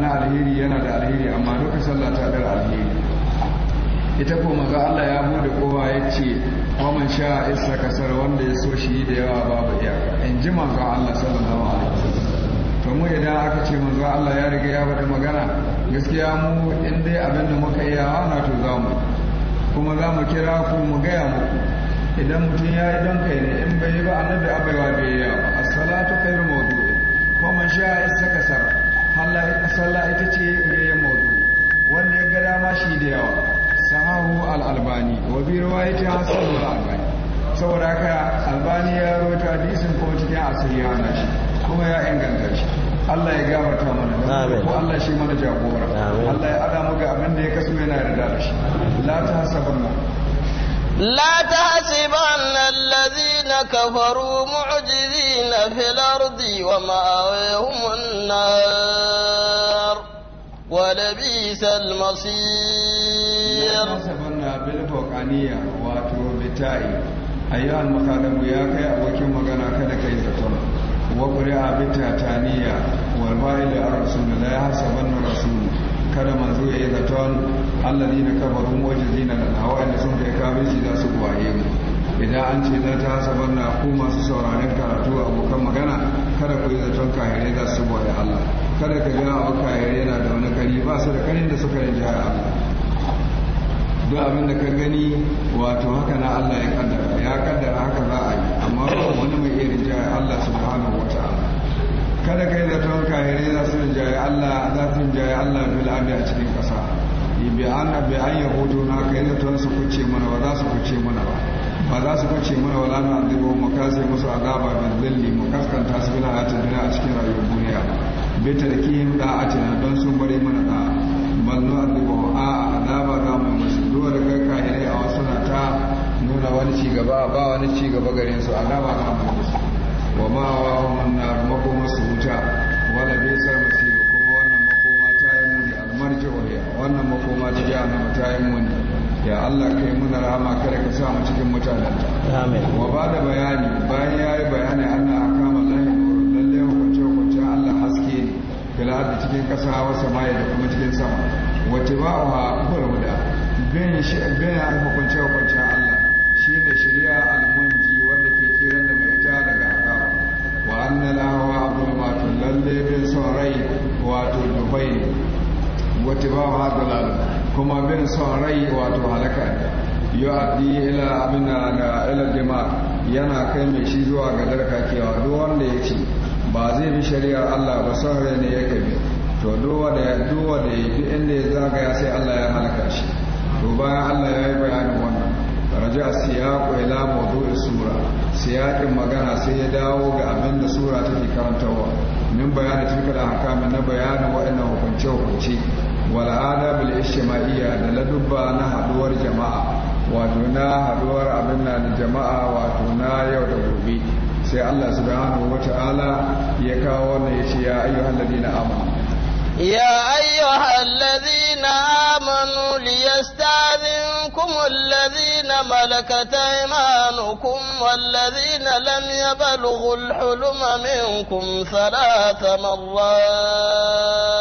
na alheri yana da alheri amma duka sallah ta dar alheri ita ko manzo Allah ya bude kowa ya ce wa man sha isa kasar wanda ya so shi da yawa babu iya in ji manzo Allah sallallahu alaihi wasallam to mu idan aka ce manzo Allah ya riga ya bada magana gaskiya mu in dai abin da muka iya ana to za mu kuma za mu kira ku mu gaya muku idan mutum ya yi don kai ne in bai yi ba annabi abai wa bai yi ba sallah ita ce yayyen maudu wanda ya ga dama shi da yawa sahahu al-albani wa bi riwayati hasan al-albani saboda haka albani ya rawaito hadisin ko cikin asiri ya hana shi kuma ya inganta shi Allah ya gafarta mana ko Allah shi mana jagora Allah ya ada mu ga abin da ya kasu yana yarda da shi la tahsabanna لا تحسبن الذين كفروا معجزين في الأرض ومأويهم النار ولبيس المصير سبنا بالفوقانية واتو بتاي أيها المخالب يا كي أبوكي مغانا كده كي زتون وقرع بتاتانية والفائل الرسول لا يحسبن الرسول kada manzo ya yi zaton allazi na kafarun waje zina da hawa da sun kai kabirci za su gwaye mu idan an ce na ta hasaban na ku masu sauraron karatu abokan magana kada ku yi zaton kahirai za su gwaye allah kada ka a abu kayar yana da wani kari ba su da karin da suka rinja Allah duk abin da ka gani wato haka na Allah ya kaddara ya kaddara haka za a yi amma ba wani mai iya rinja Allah subhanahu wa wata kada kai ka kahirai za su jihar Allah za su jihar Allah bil abi a cikin ƙasa bi an bi an yahudu na da zaton su kuce mana ba za su kuce mana ba ba za su kuce mana wala na adibo mu kase musu azaba da zalli mu kaskanta su bil a cikin rayuwar duniya ba bi tarkihim da'atina don sun bari mana da'a bal nu'adhibu a azaba za mu musu duwa da kai kahirai a wasu na ta nuna wani cigaba ba wani cigaba garin su azaba za mu wa ma wa hum nar makoma su wuta wala bai sa yi kuma wannan makoma ta yi muni almarji wa ya wannan makoma ta jahannama ta yi muni ya Allah kai muna rahama kada ka sa mu cikin mutanen ta wa ba da bayani bayan ya yi bayani anna aka Kila da cikin kasa wasa maye da kuma cikin sama wace ba a kufar da bayan shi bin alfa kwance wa a Allah shi ne shirya almunji wanda ke kiran da mai ta daga akawa wa anna lahawa abul wato lalle bin son rai wato dubai wace ba wa dalal kuma bin son rai wato halaka yu'addi ila abin da ila jima yana kai mai shi zuwa ga kewa duk wanda ya ce ba zai bi shari'ar Allah ba son ne ya kabi to duwa da ya duwa da ya bi inda ya zagaya sai Allah ya halaka shi to bayan Allah ya yi bayanin wannan raja siyaqu ila da sura siyaƙin magana sai ya dawo ga abin da sura take karantarwa min bayanin haka min na bayanin waɗannan hukunce hukunce wal'ada bil al da ladubba na haduwar jama'a wato na haduwar abin na jama'a wato na yau da gobe sai Allah subhanahu wata'ala ya kawo wannan ya ce ya ayyuhal ladina amanu ya ayyuhal ladina amanu liyastazinkum alladhina malakat aymanukum walladhina lam yablughu alhuluma minkum thalath marrat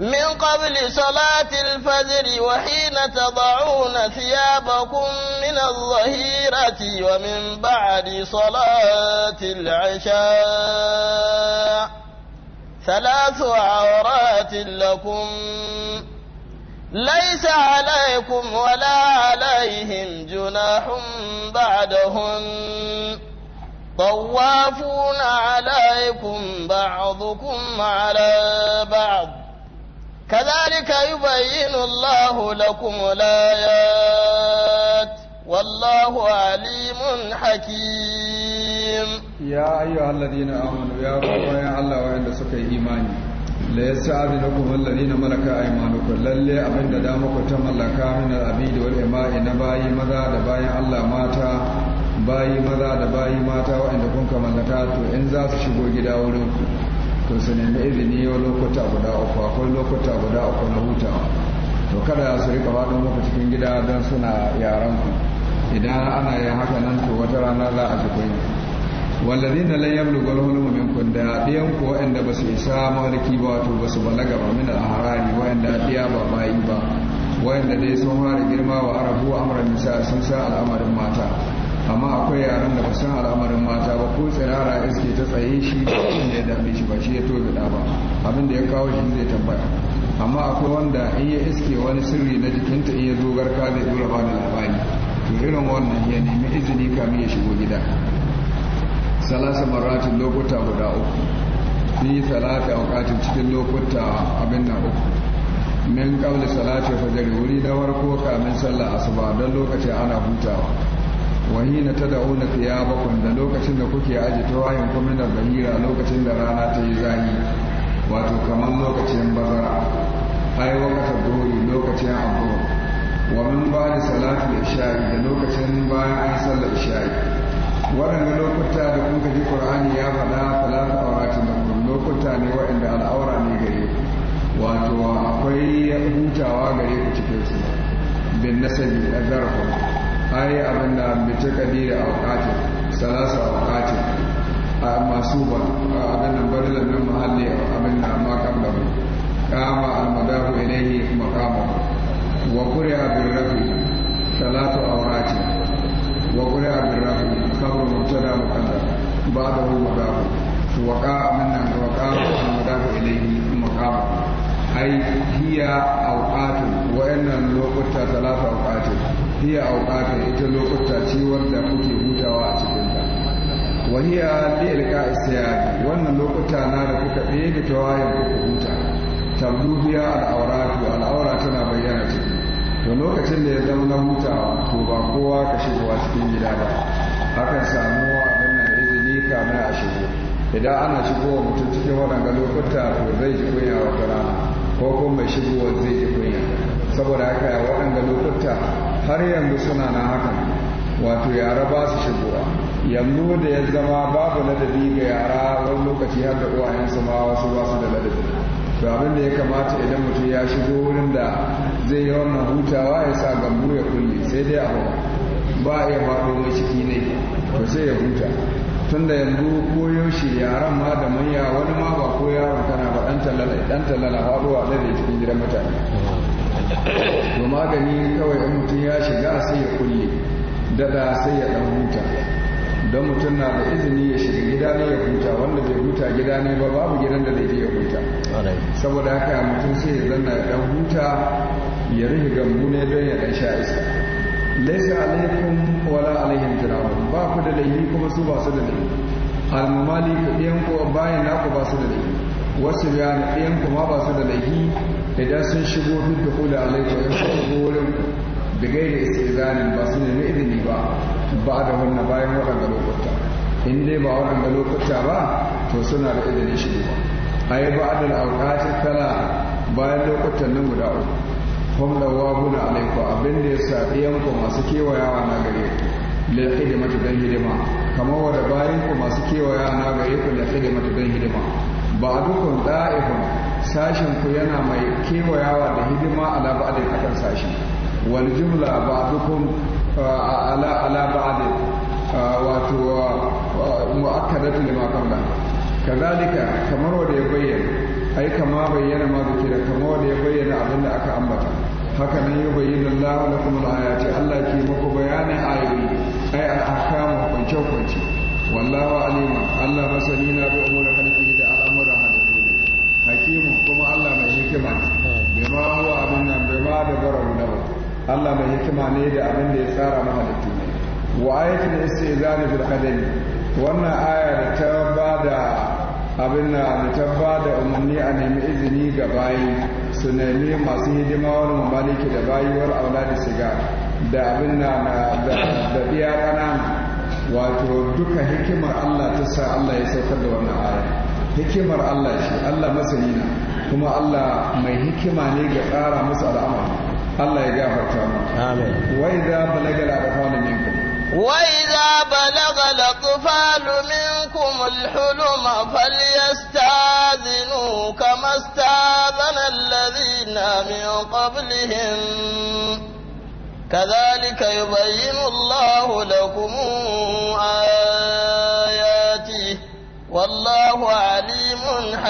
من قبل صلاة الفجر وحين تضعون ثيابكم من الظهيرة ومن بعد صلاة العشاء ثلاث عورات لكم ليس عليكم ولا عليهم جناح بعدهن طوافون عليكم بعضكم على بعض كذلك يبين الله لكم الآيات والله عليم حكيم يا أيها الذين آمنوا يا رب الله وعند سكي إيماني la ya sa abin hukun wallari na malaka a imanukun lalle abin ku ta mallaka min al'abi da wal ima'i na bayi maza da bayan allah mata maza da mata waɗanda kun to in za su shigo gida wurin kun su nemi izini wa lokuta guda uku akwai lokuta guda uku na hutawa to kada su rika faɗo muku cikin gida don suna yaran ku idan ana yin haka nan to wata rana za a ji wallazi na layyar lugar al-hulum da ɗiyan ku wa'anda basu isa mawarki ba to basu balaga ba min al-harari wa'anda ɗiya ba bayi ba wa'anda dai sun fara girma wa arabu amran nisa sun sa al'amarin mata amma akwai yaran da kusan al'amarin mata ba ko tsirara iske ta tsaye shi da ya dame shi ba shi ya tobe da ba abin da ya kawo shi zai tabbata amma akwai wanda in ya iske wani sirri na jikinta in ya zo garka zai dora ba da labari to irin wannan ya nemi izini kamin ya shigo gida salasa maratin lokuta guda uku fi salata aukatin cikin lokuta abin na uku min salatu salati fajar wuri da warko kamin sallah asuba don lokacin ana hutawa Wahina na ta da'una fiya bakon da lokacin da kuke aji tawayin kuma na bahira lokacin da rana ta yi zahi wato kamar lokacin bazara ai wakata dori lokacin abu wa ba da salatu isha'i da lokacin bayan an sallar isha'i waɗanda lokuta da kuka ji qur'ani ya faɗa falata auratin da lokuta ne waɗanda al'aura ne gare wato akwai hutawa gare ku cikin su bin nasabi a zarafin ai abin da mace kadiri a wakati salasa a wakati a masu ba abin da bari lannan mahalli abin da makam da mu kama almadahu ilaihi makama wa kuri abin rafi salatu wakati wa kuri abin rafi khabar ba da ba'dahu madahu wa abin minna wa qa'a almadahu ilaihi makama ai hiya awqatu wa inna lokuta salatu awqati hiya auqata ita lokuta ciwon da kuke hutawa a cikin ta wa hiya li ilqa'i sayari wannan lokuta na da kuka ɗebe tawayin kuka huta tabdu biya al'auratu al'aura tana bayyana ciki to lokacin da ya zama na huta. to ba kowa ka shigowa cikin gida ba akan samu abin nan izini kamar a shigo idan ana shigowa mutum cikin waɗanda lokuta to zai ji kunya wa rana ko kuma mai shigowa zai ji kunya saboda haka waɗanda lokuta har yanzu suna na hakan. wato yara ba su shigowa yanzu da ya zama babu ladabi ga yara wani lokaci har da uwayensu ma wasu ba su da ladabi to abin da ya kamata idan mutum ya shigo wurin da zai yi wannan hutawa ya sa gambu ya kulle sai dai abu ba a iya faɗo mai ciki ne to sai ya huta tun da yanzu shi yaran ma da manya wani ma ba ko yaron kana ba ɗan talala ɗan talala faɗo a cikin gidan mutane to magani kawai in mutum ya shiga sai ya kulle daɗa sai ya ɗan huta don mutum na da izini ya shiga gida ne ya huta wanda bai huta gida ne ba babu gidan da zai ya huta saboda haka mutum sai ya zanna ya ɗan huta ya rufe gambu ne don ya ɗan sha isa. laisa alaikum wala alaihim jira'un ba ku da laifi kuma su ba su da laifi almamali ku ɗiyan ku bayan naku ba su da laifi wasu ya na ɗayan kuma ba su da laifi idan sun shigo duk da kula alaikun in suka shigo wurin da gaida istizanin ba su nemi izini ba ba da wannan bayan waɗanda lokuta in dai ba waɗanda lokuta ba to suna da izinin shigo ba a yi ba adal auƙatin kala bayan lokutan nan guda uku kuma da waguna alaikun abin da ya sa ɗayan ku masu kewayawa na gare ku lil hidima ta hidima kamar wadda bayan ku masu kewayawa na gare ku lil da ta hidima ba dukkan da'ifun sashen ku yana mai kewayawa da hidima ala ba'adin akan sashi wal jumla ba dukkan uh, ala ala ba'adin uh, wato uh, mu'akkadatu lima qabla kazalika kamar wanda ya bayyana ai kama bayyana ma da kama wanda ya bayyana abin da aka ambata haka nan ya bayyana Allah lakum al-ayati Allah ke muku bayanin ayoyi ai al-ahkam kwance hukunci wallahu alima Allah masani na bi umuri hikima ma huwa abin nan ma da barahu ba Allah mai hikima ne da abin da ya tsara da ne wa sai zani bil qadami wannan aya da ba bada abin na da ta bada umarni a nemi izini ga bayi su nemi masu hidima wani mamaliki da bayuwar auladi shiga da abin na da biya ƙanana wato duka hikimar Allah ta sa Allah ya saukar da wannan aya hikimar Allah shi Allah masani na kuma Allah mai hikima ne ga tsara musu al'amari Allah ya gafarta mu amin wa idza balaga al-arfan minkum wa idza balaga al-qifal minkum al-hulum falyastazinu kama stazana alladhina min qablihim كذلك يبين الله لكم آياته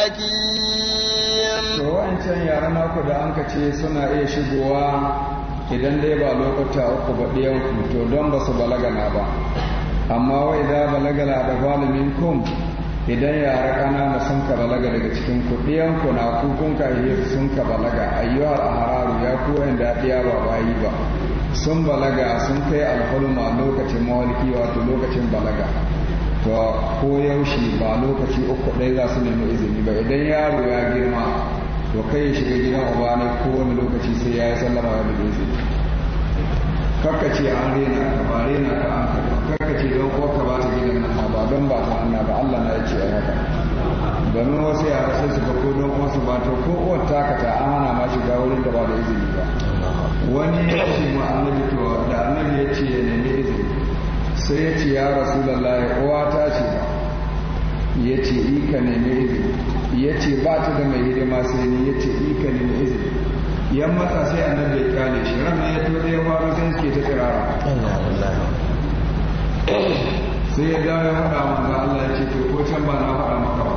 to wancan yaran naku da an ce suna iya shigowa idan dai ba lokuta uku ba ɗaya to don ba su balagana ba amma wai da balagala da balimin kum idan yara ƙanana sun ka balaga daga cikin kuɗiyan ku na kukun kahiyyar sun ka balaga ayyuhar a hararu ya koyan da ɗiya ba bayi ba sun balaga sun kai alhulma lokacin mawalki wato lokacin balaga to ko yaushe ba lokaci uku ɗaya za su nemi izini ba idan yaro ya girma to kai ya shiga gidan uba ne kowane lokaci sai ya yi sallama da izini kakka ce an rena ka ba rena ka an karɓa kakka ce don ko ka ba ta gidan nan ba don ba ta hanna ba Allah na ya ce ai haka domin wasu yara sai su ko don wasu ba to ko uwar taka ta an hana ma shiga wurin da ba da izini ba wani ya shi ma annabi to da annabi ya ce ya nemi izini sai ya ce ya rasulullahi uwata ce ba ya ce ika nemi izini ya ce ba ta da mai hidima sai ne ya ce ika nemi izini yan matsa sai da ya kyale shi ranar ya to ya faru sai ke ta tsirara sai ya dawo ya faɗa manzo Allah ya ce to ko can ba na faɗa maka ba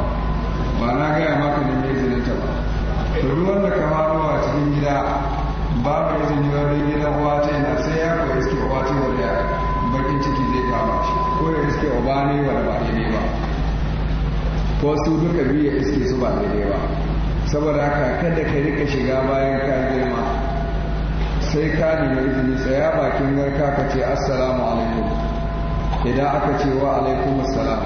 ba na gaya maka nemi izinin ta ba to ruwan da ka faruwa cikin gida babu izini wani gidan wata yana sai ya koyi suke wata wa ba ne wa ba ne ba ko su duka biyu iske su ba ne ba saboda haka kada ka rika shiga bayan ka girma sai ka nemi izini tsaya bakin garka ka ce assalamu alaikum idan aka ce wa alaikum assalam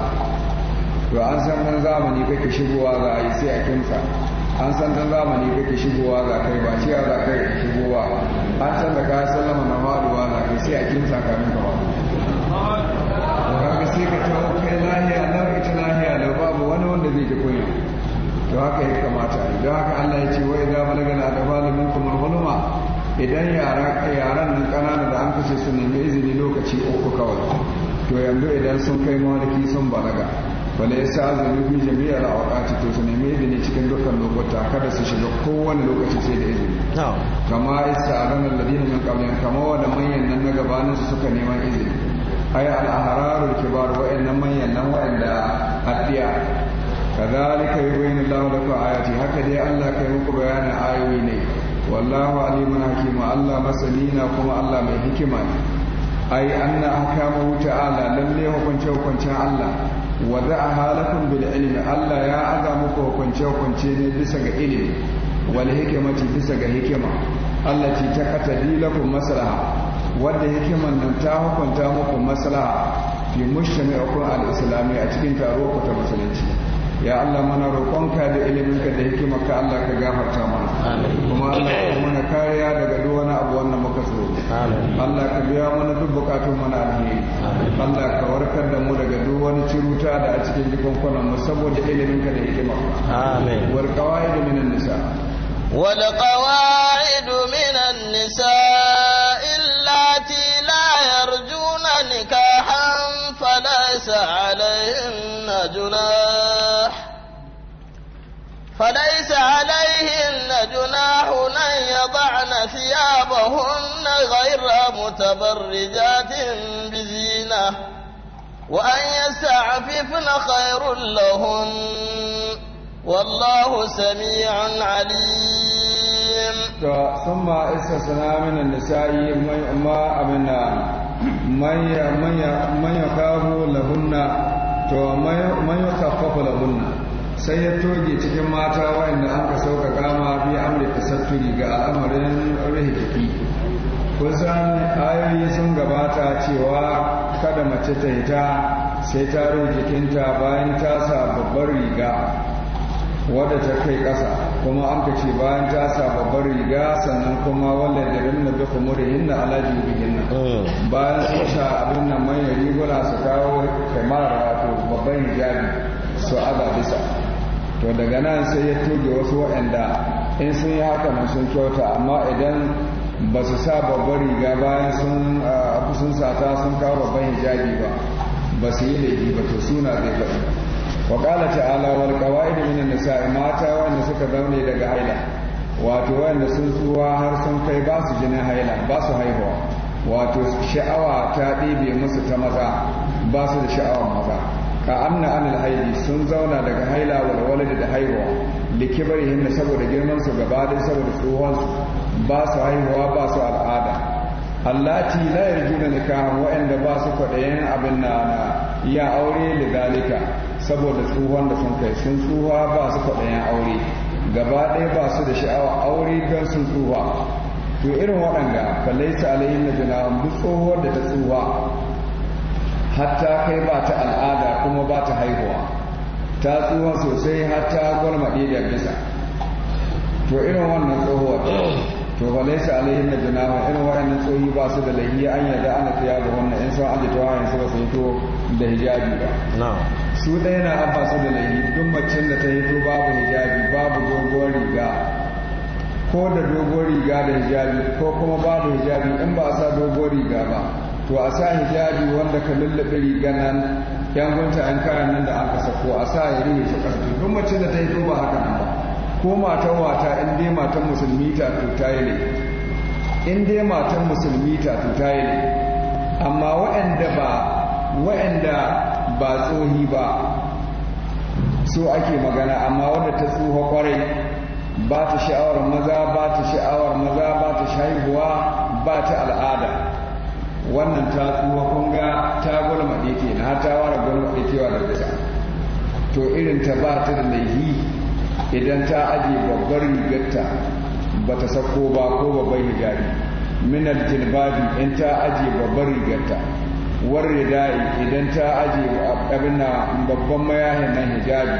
to an san nan zamani kake shigowa za a yi sai a kinsa an san nan zamani kake shigowa za kai ba ciya za kai shigowa an san da ka sallama na faduwa za kai sai a kinsa kamin ka faɗo ke ka taho kai lahiya lau ita lahiya lau babu wani wanda zai ji kunya to haka ya kamata idan haka Allah ya ce wai idan na da min kuma hulma idan yaran nan kanana da an kashe su nemi izini lokaci uku kawai to yanzu idan sun kai mawarki sun balaga wala ya sa azumi bi jami'a a wakati to su nemi izini cikin dukkan lokuta kada su shiga kowane lokaci sai da izini kama isa azan min kama manyan nan na gabanin su suka neman izini ay al-ahrar al-kibar manyan nan wa'anda addiya kadhalika yubayyinu Allahu lakum ayati haka dai Allah kai muku bayanin ayoyi ne wallahu alimun hakim Allah masanina kuma Allah mai hikima ne ai anna ahkamahu ta'ala lalle hukunce hukuncen Allah wada'aha lakum bil ilmi Allah ya aza muku hukunce hukunce ne bisa ga ilimi wal hikmati bisa ga hikima allati taqatadi lakum maslaha wadda yake nan ta hukunta muku maslaha fi mushtami akwai al'islami a cikin taro ku ta musulunci ya Allah mana roƙonka da iliminka da ka Allah ka gafarta mana kuma Allah ya mana kariya daga duk wani abu wannan muka so Allah ka biya mana duk bukatun mana alheri Allah ka warkar da mu daga duk wani ciruta da a cikin kwanan mu saboda iliminka da hikima. amin wal qawaid minan nisa wal kawai minan nisa فليس عليهن جناح أن يضعن ثيابهن غير متبرجات بزينة وأن يستعففن خير لهن والله سميع عليم ثم استثنى من النساء ما امنا من من من يخاف لهن ومن يخفف لهن sai ya toge cikin mata wa'anda an ka sauka kama bi amurka satturi ga al'amarin rihiki kusan ayoyi sun gabata cewa kada mace ta hita sai ta jikinta bayan ta sa babbar riga wadda ta kai ƙasa kuma an ka ce bayan ta sa babbar riga sannan kuma wanda da rinna bi kumurihin na alaji bihin nan mm. bayan sun sa abin nan manyan riguna su kawo kamar wato babban hijabi su aza bisa to daga nan sai ya tuge wasu waɗanda in sun yi haka nan sun kyauta amma idan ba su sa babbar riga bayan sun sun sata sun kawo babban hijabi ba ba su yi laifi ba to suna zai ba wa qala ta'ala wal qawaid min an mata wanda suka zaune daga haila wato wanda sun tsuwa har sun kai ba su jinin haila ba su haihuwa wato sha'awa ta ɗebe musu ta maza ba su da sha'awar maza ka amna anil haidi sun zauna daga haila walwalada da haihuwa likibarihin na saboda girman su da saboda tsohon su ba su haihuwa ba su al'ada allati la yarjuna nikahan wa'anda ba su kwaɗayen abin na ya aure dalika saboda tsohon da sun kai sun tsuwa ba su kwaɗayen aure gaba ɗaya ba su da sha'awa aure don sun tsuwa to irin waɗanda falaisa alayhin na jana'an duk tsohuwar da ta tsuwa hatta kai ba ta al'ada kuma ba ta haihuwa ta tsuwa sosai hatta gwalmaɗe da bisa to irin wannan tsohuwar to ba laisa alaihin na junawa irin wa'annan tsohi ba su da lahi an yarda ana fiya ga wannan in sun ajiye wayan su ba su hito da hijabi ba su ɗaya na an su da lahi duk macen da ta hito babu hijabi babu doguwar riga ko da doguwar riga da hijabi ko kuma babu hijabi in ba a sa doguwar riga ba to a sa hijabi wanda ka lullube rigar nan yan gunta an kara nan da aka sako a sa ya rihe shi ƙasa duk mace da ta yi ba haka nan ba ko matan wata in dai matan musulmi ta tutaye yi ne in dai matan musulmi ta tutaye yi ne amma waɗanda ba waɗanda ba tsohi ba so ake magana amma wanda ta tsuha kwarai ba ta sha'awar maza ba ta sha'awar maza ba ta shaihuwa ba ta al'ada wannan ta tsuwa kunga ta gwalmaɗe ke na ta wara gwalmaɗe kewa da bida to irin ta ba ta da laihi idan ta aje babbar rigarta ba ta sako ba ko babbar rigari minal jilbabi in ta aje babbar rigarta war rida'i idan ta aje abin babban mayahin nan hijabi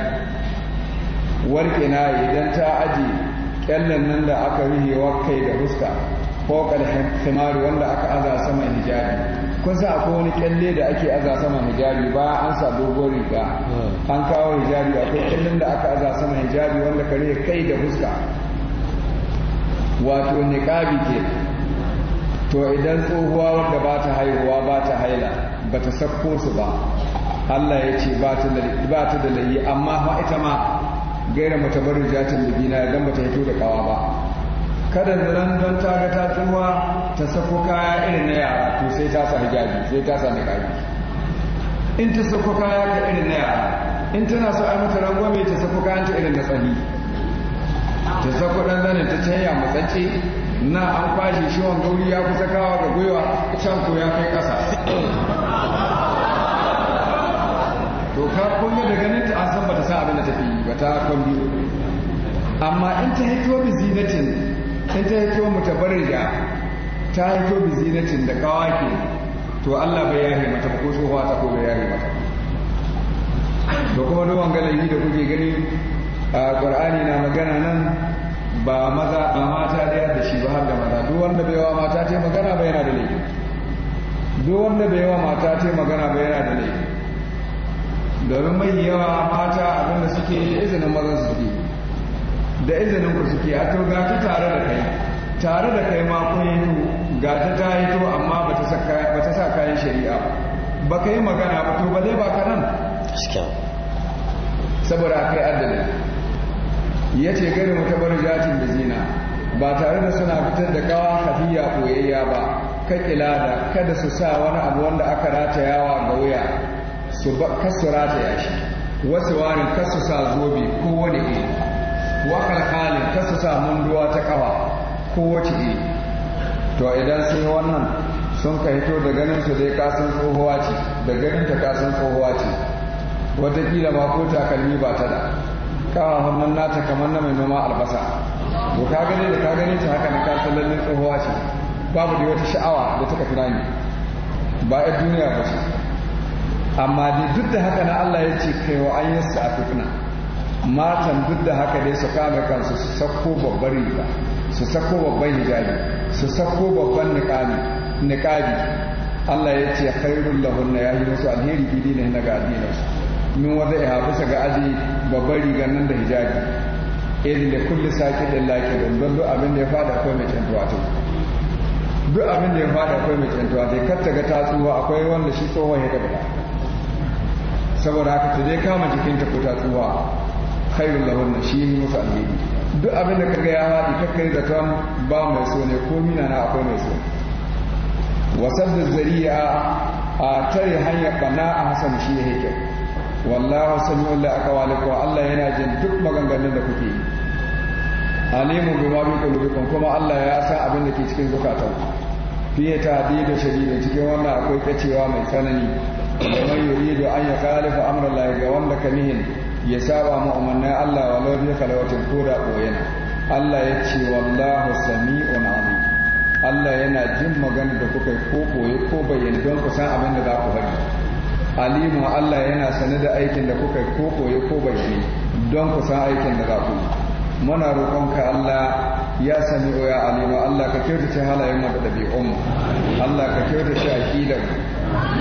war kina idan ta aje kyallan nan da aka rihe kai da fuska fokal samari wanda aka aza sama hijabi kun sa akwai wani kyalle da ake aza sama hijabi ba an sa dogon riga hmm. an kawo hijabi akwai kyallin da aka aza sama hijabi wanda kare kai da fuska wato niqabi ke to idan tsohuwa wanda ba ta haihuwa ba ta haila ba ta sakko su ba Allah ya ce ba ta da layi amma ma ita ma gaira mata barin jatin da bina idan ba ta hito da kawa ba kada da nan don ta ga ta tsuwa ta sako kaya irin na yara to sai ta sa hijabi sai ta sa niqabi in ta sako kaya ka irin na yara in tana so a mata rangwame ta sako kayan ta irin na tsani ta sako dan zanin ta canya matsatse na an kwashe shi wanga gauri ya kusa kawo da gwiwa can ko ya kai kasa to ka kunya da ganin ta an san bata sa abin da tafi ba ta kwambi amma in ta hito bi zinatin sai ta hito mutabarriya ta hito bi zinacin da ke to Allah bai yare mata ko tsohuwa ta ko bai yare mata da kuma duwan yi da kuke gani a Qur'ani na magana nan ba maza a mata da da shi ba har da maza duk wanda bai wa mata ce magana bai yana da laifi duk wanda bai wa mata ce magana ba yana da laifi domin mai yawa mata abinda suke izinin mazan su da izinin ku suke a to ga tare da kai tare da kai ma kun yi to ga ta yi to amma ba ta sa kayan shari'a ba ka yi magana ba to ba zai ba ka nan saboda kai adalin ya ce gari mutabar jatin da zina ba tare da suna fitar da kawa hafiya koyayya ba ka da kada su sa wani abu wanda aka ratayawa ga wuya su ba kasu rataya shi wasu warin kasu sa zobe ko wani iri wakal halin ta su samu ruwa ta kawa kowace iri to idan sun yi wannan sun ka hito da ganin su dai kasan tsohuwa ce da ganin ta kasan tsohuwa ce wataƙila ba ko takalmi ba ta da kawa hannun nata kamar na mai noma albasa to ka gani da ka gani ta haka na kasan lallin tsohuwa ce babu da wata sha'awa da ta kafi nani ba a duniya ba ce amma dai duk da haka na Allah ya ce kai wa an yi a kuna matan duk da haka dai su kame kansu su sako babbar riga su sako babban hijabi su sako babban niqabi Allah ya ce khairul lahun ya yi musu alheri gidi ne na ga addininsu min wanda ya bisa ga aji babbar riga nan da hijabi irin da kulli sake da lake don duk abin da ya fada akwai mai cantuwa ta duk abin da ya fada akwai mai cantuwa ta kar ta ga tatsuwa akwai wanda shi tsohon ya gaba saboda haka ta dai kama jikinta ko tatsuwa khairul shi musu alheri duk abin da kaga ya haɗi kakkai kan ba mai so ne ko mina na akwai mai so wasar da zari'a a tare hanyar bana a hasan shi ya hake wallahu aka la aqwalikum Allah yana jin duk maganganun da kuke yi alimu goma bi qulubikum kuma Allah ya san abin da ke cikin zukatan fiye ta da shadida cikin wannan akwai kacewa mai tsanani da mai da an ya khalifa amra ga wanda ka mihin. ya saba mu Allah Allah walau bi kalawatin ko da koyana Allah ya ce wallahu sami'un ali Allah yana jin magana da kuka ko koyi ko bayyana don ku san abin da za ku faɗi alimu Allah yana sane da aikin da kuka ko koyi ko bayyana don ku san aikin da za ku yi muna ka Allah ya sami ya Alimu. Allah ka kyautace halayen mu da ɗabi'un Allah ka kyautace aqidar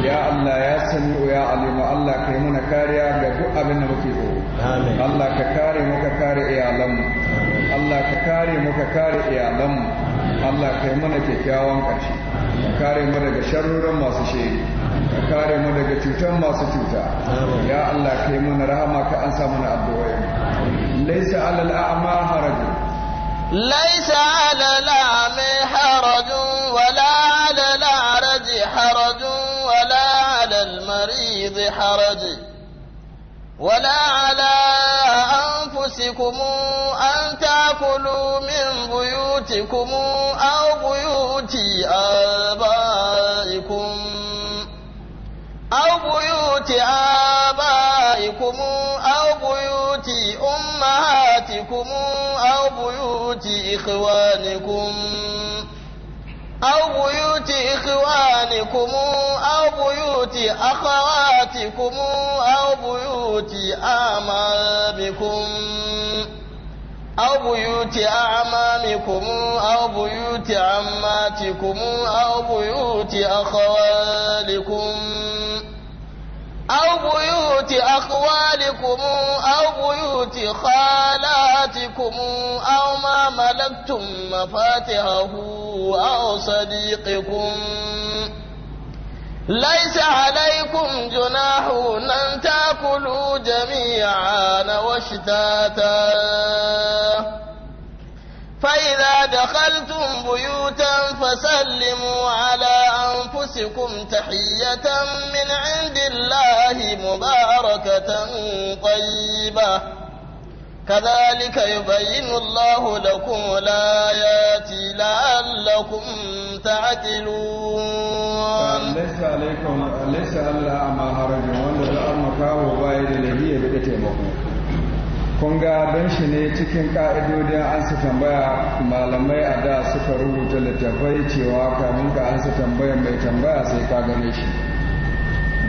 ya Allah ya sani ya alimu Allah ka yi muna kariya ga duk abin da muke tsoro Allah ka kare mu ka kare iyalanmu Allah ka kare mu ka kare iyalanmu Allah ka yi muna kyakkyawan ƙarshe ka kare mu daga sharruran masu shiri ka kare mu daga cutan masu cuta ya Allah ka yi muna rahama ka ansa mana addu'o'in laysa alal a'ma harajun ليس على الأعمى حرج ولا على الأعرج حرج غير حرج ولا على أنفسكم أن تأكلوا من بيوتكم أو بيوت آبائكم أو بيوت آبائكم أو بيوت أمهاتكم أو بيوت إخوانكم أو بيوت إخوانكم أو بيوت أخواتكم أو بيوت أعمامكم أو بيوت أعمامكم أو بيوت عماتكم أو بيوت أخوالكم أو بيوت أخوالكم أو بيوت خالاتكم أو ما ملكتم مفاتحه أو صديقكم ليس عليكم جناح أن تأكلوا جميعا واشتاتا فإذا دخلتم بيوتا فسلموا على أنفسكم تحية من عند الله مباركة طيبة كذلك يبين الله لكم الآيات لعلكم تعقلون ليس عليكم kun ga don shi ne cikin ka'idodin an su tambaya malamai a da suka rubuta littattafai cewa kamin ka an su tambaya mai tambaya sai ka gane shi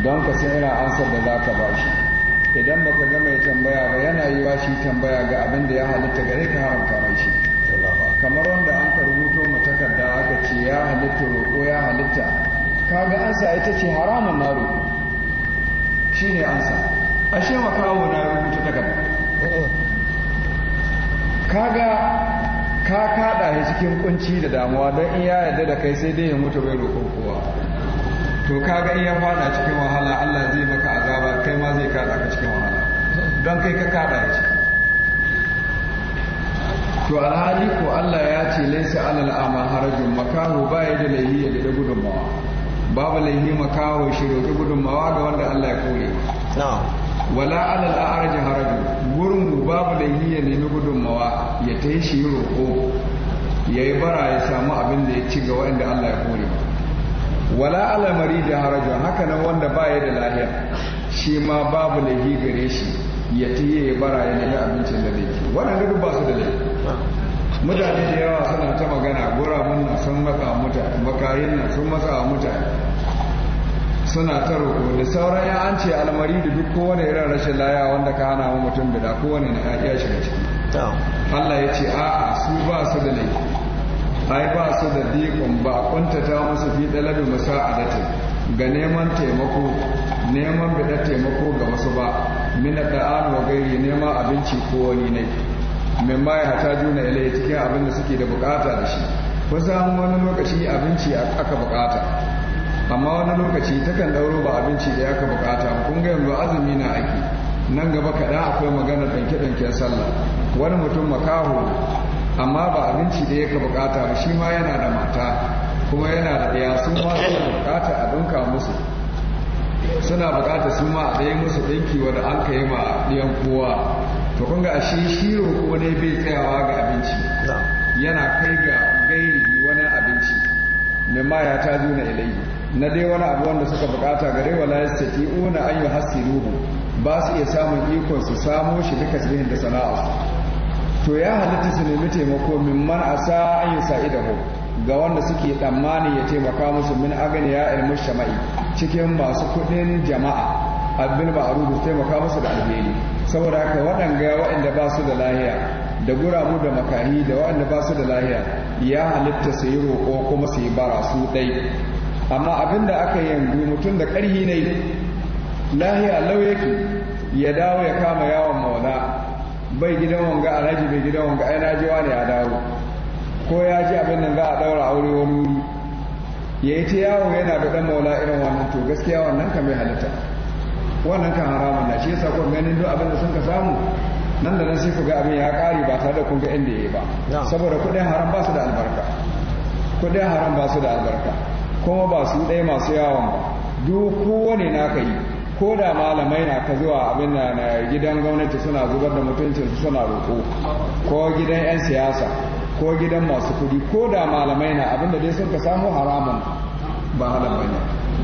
don ka san ina ansar da za ka ba shi idan ka ga mai tambaya ba yana yi wa shi tambaya ga abin da ya halitta gare ka haramta mai shi kamar wanda an ka rubuto mu takarda aka ce ya halitta roƙo ya halitta kaga ansa ita ce haramun na roƙo ne ansa ashe makawo na rubuta takarda kaga ka kada ya cikin kunci da damuwa don iya yadda yarda da kai sai dai ya mutu bai roƙon kowa to kaga iya fada cikin wahala Allah zai maka azaba kai ma zai kada ka cikin wahala don kai ka kada ya to alhali ko Allah ya ce laisa alal ama harajun makaho baya da laihi ya da gudunmawa babu laihi makaho shi roƙi gudunmawa ga wanda Allah ya kore wala alal a'raji haraju gurin mu babu da laihi ne na gudunmawa ya ta yi shi roƙo ya yi bara ya samu abin da ya ci ga wanda Allah ya kore wala alal da haraju haka nan wanda ba ya da lahiya shi ma babu da laihi gare shi ya ta yi ya bara ya nemi abincin da zai ci wannan duk ba su da laifi mutane da yawa suna ta magana guramun na sun maka mutane makayin na sun masa mutane suna ta roƙo da sauran ya an ce almari da duk kowane irin rashin laya wanda ka hana wa mutum da kowane na ya shiga ciki Allah ya ce a'a su ba su da laifi ai ba su da dikon ba kunta ta musu fi dalabi musa'adatin ga neman taimako neman bida taimako ga wasu ba mina an wa gairi neman abinci ko wani ne min ma ya hata juna ilai cikin abin da suke da bukata da shi kusan wani lokaci abinci aka bukata amma wani lokaci takan ɗauro ba abinci da ya ka bukata kun ga yanzu azumi na ake nan gaba kaɗan akwai magana ɗanke-ɗanken sallah wani mutum makaho amma ba abinci da ya ka bukata ba shi ma yana da mata kuma yana da ɗaya sun ma suna bukata a dunka musu suna bukata sun ma a ɗaya musu ɗinki wanda an ka yi ma ɗiyan kowa to kun ga ashe shi roƙo ne bai tsayawa ga abinci yana kai ga mimma ya ta juna ilai na dai wani abu wanda suka bukata gare wala una an ruhu ba su iya samun ikon su samo shi duka su da sana'a to ya halitta su nemi taimako man asa an yi ga wanda suke tsammanin ya taimaka musu min agani ya ilmi shama'i cikin masu kuɗin jama'a abin ba a taimaka musu da alheri saboda haka waɗanga waɗanda ba su da lahiya da guramu da makahi da wa'anda ba su da lahiya ya halitta su yi roƙo kuma su yi bara su ɗai amma abin da aka yi yanzu mutum da ƙarhi ne lahiya lau yake ya dawo ya kama yawon maula bai gidan wanga alhaji bai gidan wanga ai naji wani ya dawo ko ya ji abin nan za a ɗaura aure wani wuri ya yi ta yawo yana da ɗan maula irin wannan to gaskiya wannan kan bai halitta wannan kan haramun na shi yasa ko ganin duk abin da sun ka samu nan da nan sai ku ga abin ya ƙari ba tare da kun ga inda yayi ba saboda kuɗin haram ba su da albarka kuɗin haram ba su da albarka kuma ba su ɗaya masu yawon ba duk kowane na ka yi ko da malamai na ka zuwa abin na gidan gwamnati suna zubar da su suna roƙo ko gidan 'yan siyasa ko gidan masu kuɗi ko da malamai na abin da dai sun ka samu haramun ba ba ne.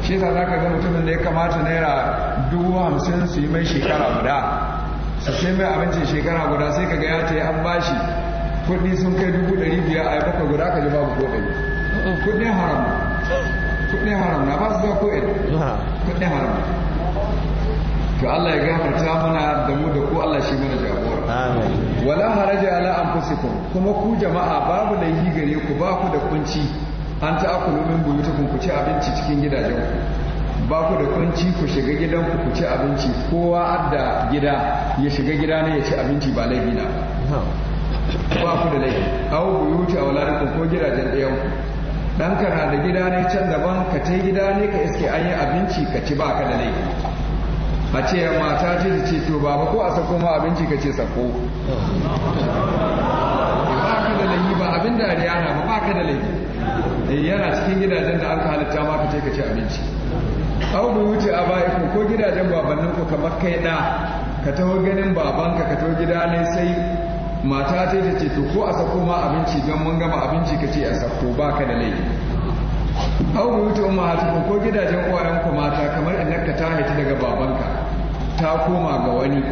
shi yasa ka ga mutumin da ya kamata naira dubu hamsin su yi mai shekara guda sai mai abinci shekara guda sai kaga ya ce an bashi kudi sun kai dubu ɗari biya a baka guda ka ji babu ko ɗari kuɗin haram kudin haram na ba su zuwa ko ɗari kudin haram to Allah ya gafarta mana da mu da ku Allah shi mana jagora amin wala haraja ala anfusikum kuma ku jama'a babu laifi gare ku ba ku da kunci an ta akulu min buyutakum ku ci abinci cikin gidajen ku ba ku da kunci ku shiga gidanku ku ci abinci kowa adda gida ya shiga gida ne ya ci abinci ba laifi na ba ku da laifi aw a auladikum ko gidajen ɗaya ku dan kana da gida ne can daban ka ce gida ne ka iske an yi abinci ka ci ba ka da laifi a ce mata ce ta ce to baba ko a sako ma abinci ka ce sako ba ka da laifi ba abin dariya na ba ba ka da laifi eh, yana cikin gidajen da an halitta ma ka ce ka ci abinci aw bu wuce a ba'iku ko gidajen babannin ku kamar kai da ka taho ganin babanka ka taho gida ne sai mata ta ce to ko a sako ma abinci don mun gama abinci ka ce a sako baka da laifi aw buyuti ku ko gidajen ku mata kamar idan ka ta haiti daga babanka ta koma ga wani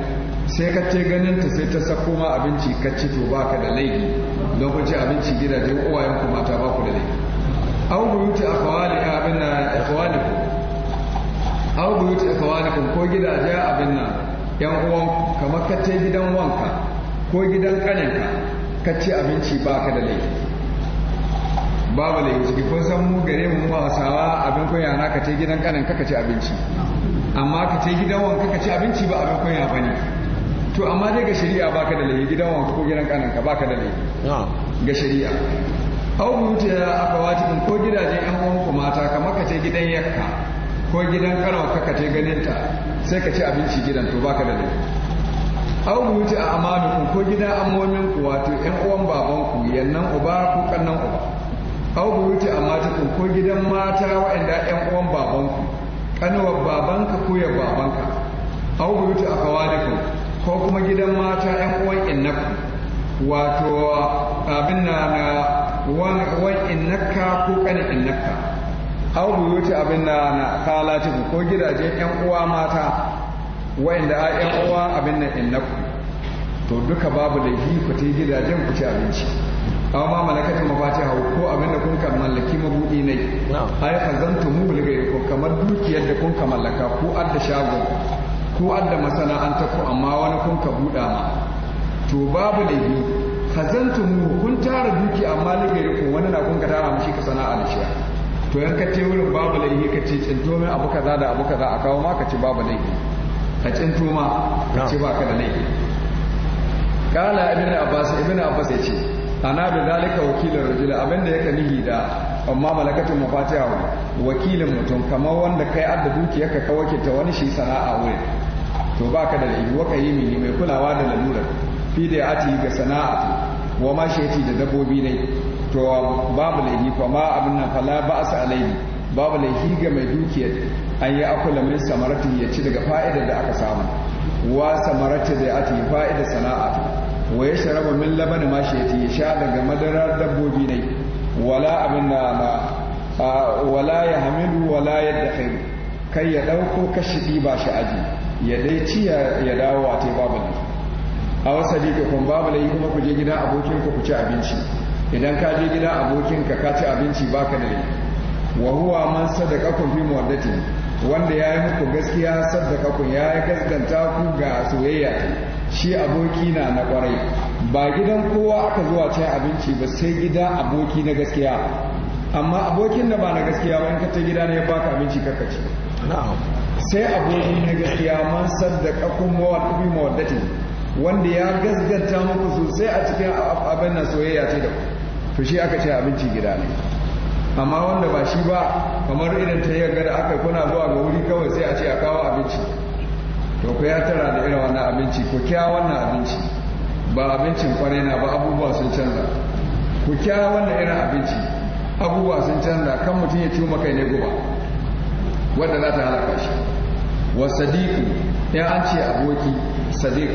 sai ka ce ganin ta sai ta sako ma abinci ka ce to baka da laifi don ku ci abinci gidajen ku mata ba ku da laifi wuce buyuti kwali abin na ko gidaje abin nan yan uwan kamar ka ce gidan wanka ko gidan kaninka ka ci abinci ba ka da laifi babu laifi ciki kun san mu gare mu wasawa abin kunya na ka ce gidan kaninka ka ci abinci amma ka ce gidan wanka ka ci abinci ba abin kunya ba ne to amma dai ga shari'a ba ka da laifi gidan wanka ko gidan kaninka ba ka da laifi ga shari'a au mutu ya akawati ko gidajen yan uwan ku mata kamar ka ce gidan yakka ko gidan karawa kaka ta ganin ta sai ka ci abinci gidan to baka da laifi mu wuce a amanukun ko gidan amomin ku wato yan uwan babanku yannan uba ko kannan uba mu wuce a matukun ko gidan mata waɗanda yan uwan babanku kanuwar babanka ko ya babanka mu wuce a kawadikun ko kuma gidan mata yan uwan innaku wato abin na na wan innaka ko kanin innaka hau buyuti abin na na kalatiku ko gidajen yan uwa mata wa'inda a yan uwa abin nan innaku to duka babu laifi ku ta gidajen ku ci abinci amma ma malakatu mafati hau ko abin da kun kan mallaki mabudi ne ai kazantu mu bulgai ko kamar dukiyar da kun kan mallaka ko adda shago ko adda masana'anta ko amma wani kun ka buda ma to babu laifi kazantu mu kun tara duki amma ligari ko wani na kun ka tara mishi ka sana'a da shi to yan ka ce wurin babu laihi ka ce cinto mai abu kaza da abu kaza a kawo ma ka ce babu laihi ka cinto ma ka ce ba ka da laihi kala ibn abbas ibn abbas ya ce ana bi zalika wakilin rajula abinda yake nihi da amma malakatun mafatiha wakilin mutum kamar wanda kai adda dukiyarka ka wakilta wani shi sana'a wurin to baka da laihi waka yi mini mai kulawa da lalurar fi da ya ga sana'a wa ma shi da dabbobi ne to babu laifi fa ma abin nan fala ba'sa alaihi babu laifi ga mai dukiyar an yi akula min samarati ya ci daga fa'idar da aka samu wa samarati da ati fa'idar sana'a wa ya sharaba min labani ma shi ya sha daga madarar dabbobi ne wala abin da ba wala ya hamilu wala ya dakhil kai ya dauko kashi ba shi aji ya dai ci ya dawo a te babu laifi a wasa dike kun babu laifi kuma ku je gida abokin ku ku ci abinci idan ka je gida abokinka ka ci abinci baka da wa huwa man kun fi muwaddati wanda yayi muku gaskiya kun yayi gaskanta ku ga soyayya shi aboki na na kwarai ba gidan kowa aka zuwa cin abinci ba sai gida aboki na gaskiya amma abokin da ba na gaskiya ba in ka ta gida ne ya baka abinci kaka ci sai aboki na gaskiya man kun muwaddati muwaddati wanda ya gaskanta muku sosai a cikin abin na soyayya ce da ku to shi aka ce abinci gida ne amma wanda ba shi ba kamar irin ta yi gada aka kuna zuwa ga wuri kawai sai a ce a kawo abinci to ku ya tara da irin wannan abinci ku kya wannan abinci ba abincin kwarai na ba abubuwa sun canza ku kya wannan irin abinci abubuwa sun canza kan mutum ya ciwo makai ne guba wadda za ta halaka shi wa sadiku ya an ce aboki sadiq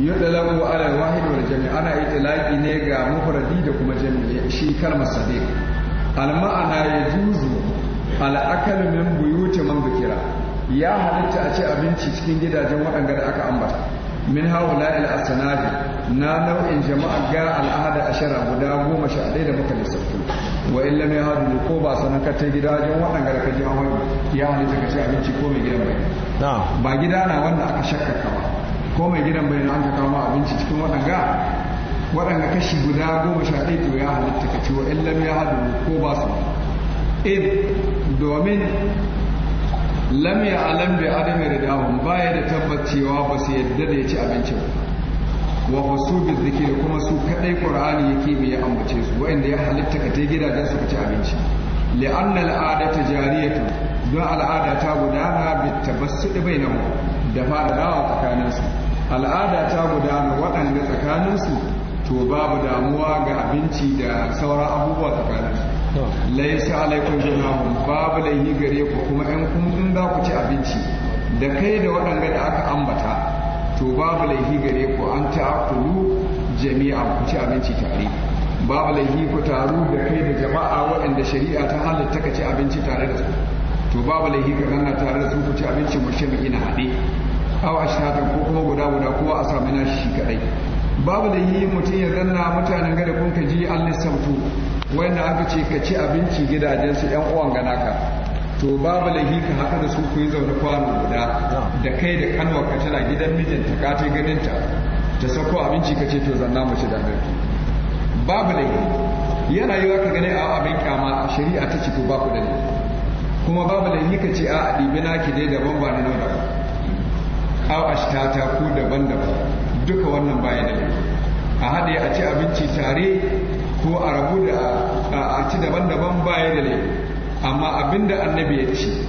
yudlaku ala wahid wal jami ana itlaqi ne ga mufradi da kuma jami shi kalmar sadiq al ya juzu al akal min buyuti man bikira ya halitta a ci abinci cikin gidajen waɗanda da aka ambata min haula al asnadi na nau'in jama'a ga al ahad ashara guda goma sha ɗaya da muka lissafto wa illa lam hadu ko ba sanan ka ta gidajen waɗanda da ka ji hawan ya halitta ka ci abinci ko mai gidan bai ba gida na wanda aka shakka ba ko mai gidan bai an ka kawo ma abinci cikin waɗanga waɗanga kashi guda goma sha ɗaya to ya halitta ka ciwo in lam ya hadu ko ba su id domin lam ya alam bi adami ridahum baya da tabbacewa ba su yadda da ya ci abincin wa su bi da kuma su kaɗai ƙur'ani yake bi ya ambace su wa'inda ya halitta ka tai gidajen su ka ci abinci li'anna al'adata jariyatu don al'ada ta gudana bi tabassudi bainahum da fara dawa tsakaninsu al'ada ta gudana waɗanda tsakaninsu to babu damuwa ga abinci da sauran abubuwa tsakaninsu laisa alaikun junahun babu laihi gare ku kuma in kun za ku ci abinci da kai da waɗanda da aka ambata to babu laihi gare ku an ta kulu jami'a ku ci abinci tare babu laihi ku taru da kai da jama'a waɗanda shari'a ta halatta ka ci abinci tare da su to babu laihi ka zanna tare da su ku ci abinci mushin ina haɗe ashirin ashatan ko kuma guda guda kowa a sami nashi shi kadai babu da yi mutum ya danna mutanen gada kun ka ji an samtu wanda aka ce ka ci abinci gidajensu yan uwan ka. to babu yi ka haka da su ku yi zaune kwano guda da kai da kanwa ka tana gidan mijinta ka ta ganin ta ta sako abinci ka ce to zanna mu ci da babu lahi yana wa ka gani a abin kyama shari'a ta ci to ba ku da kuma babu lahi ka ce a ɗibi na ki dai daban ba ni nan daban aw ashtata ku daban-daban duka wannan baya da a haɗe a ci abinci tare ko a rabu da a ci daban-daban baya da laifi amma abin da annabi ya ci